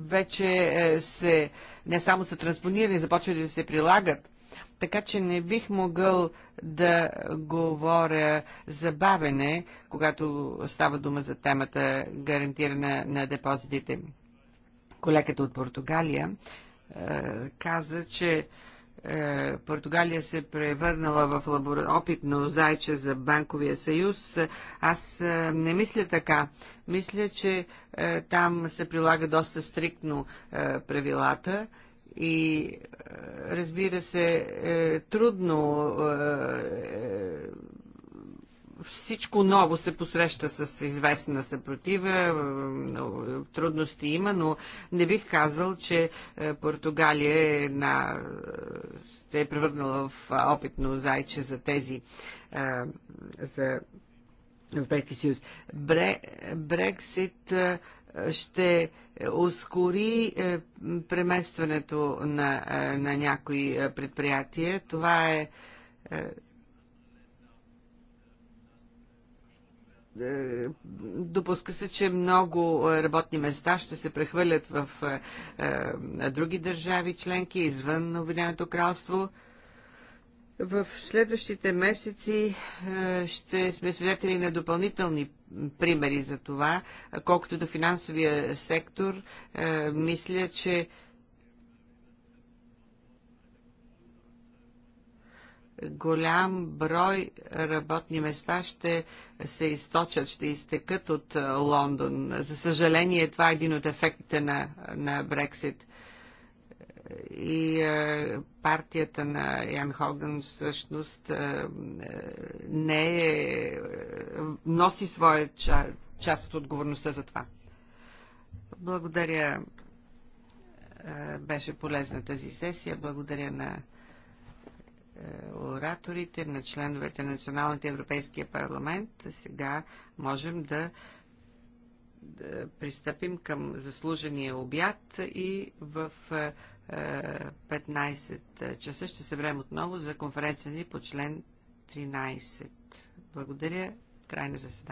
Speaker 3: вече се не само са транспонирани, започват да се прилагат. Така че не бих могъл да говоря за бавене, когато става дума за темата гарантиране на депозитите. Колеката от Португалия е, каза, че е, Португалия се е превърнала в лабор... опитно зайче за банковия съюз. Аз не мисля така. Мисля, че там се прилага доста стриктно правилата и е, разбира се, е трудно е, е, всичко ново се посреща с известна съпротива, е, трудности има, но не бих казал, че Португалия е една, се е превърнала в опитно зайче за тези, за Европейския съюз. Брексит ще ускори е, преместването на, е, на някои е, предприятия. Това е Допуска се, че много работни места ще се прехвърлят в други държави членки извън Обединеното кралство. В следващите месеци ще сме свидетели на допълнителни примери за това. Колкото до финансовия сектор, е, мисля, че голям брой работни места ще се източат, ще изтекат от е, Лондон. За съжаление, това е един от ефектите на, на Брексит и е, партията на Ян Хоган всъщност е, е, не е, носи своя част от отговорността за това. Благодаря. Беше полезна тази сесия. Благодаря на ораторите, на членовете на Националната Европейския парламент. Сега можем да да пристъпим към заслужения обяд и в 15 е, часа ще се време отново за конференция ни по член 13. Благодаря. Край на заседание.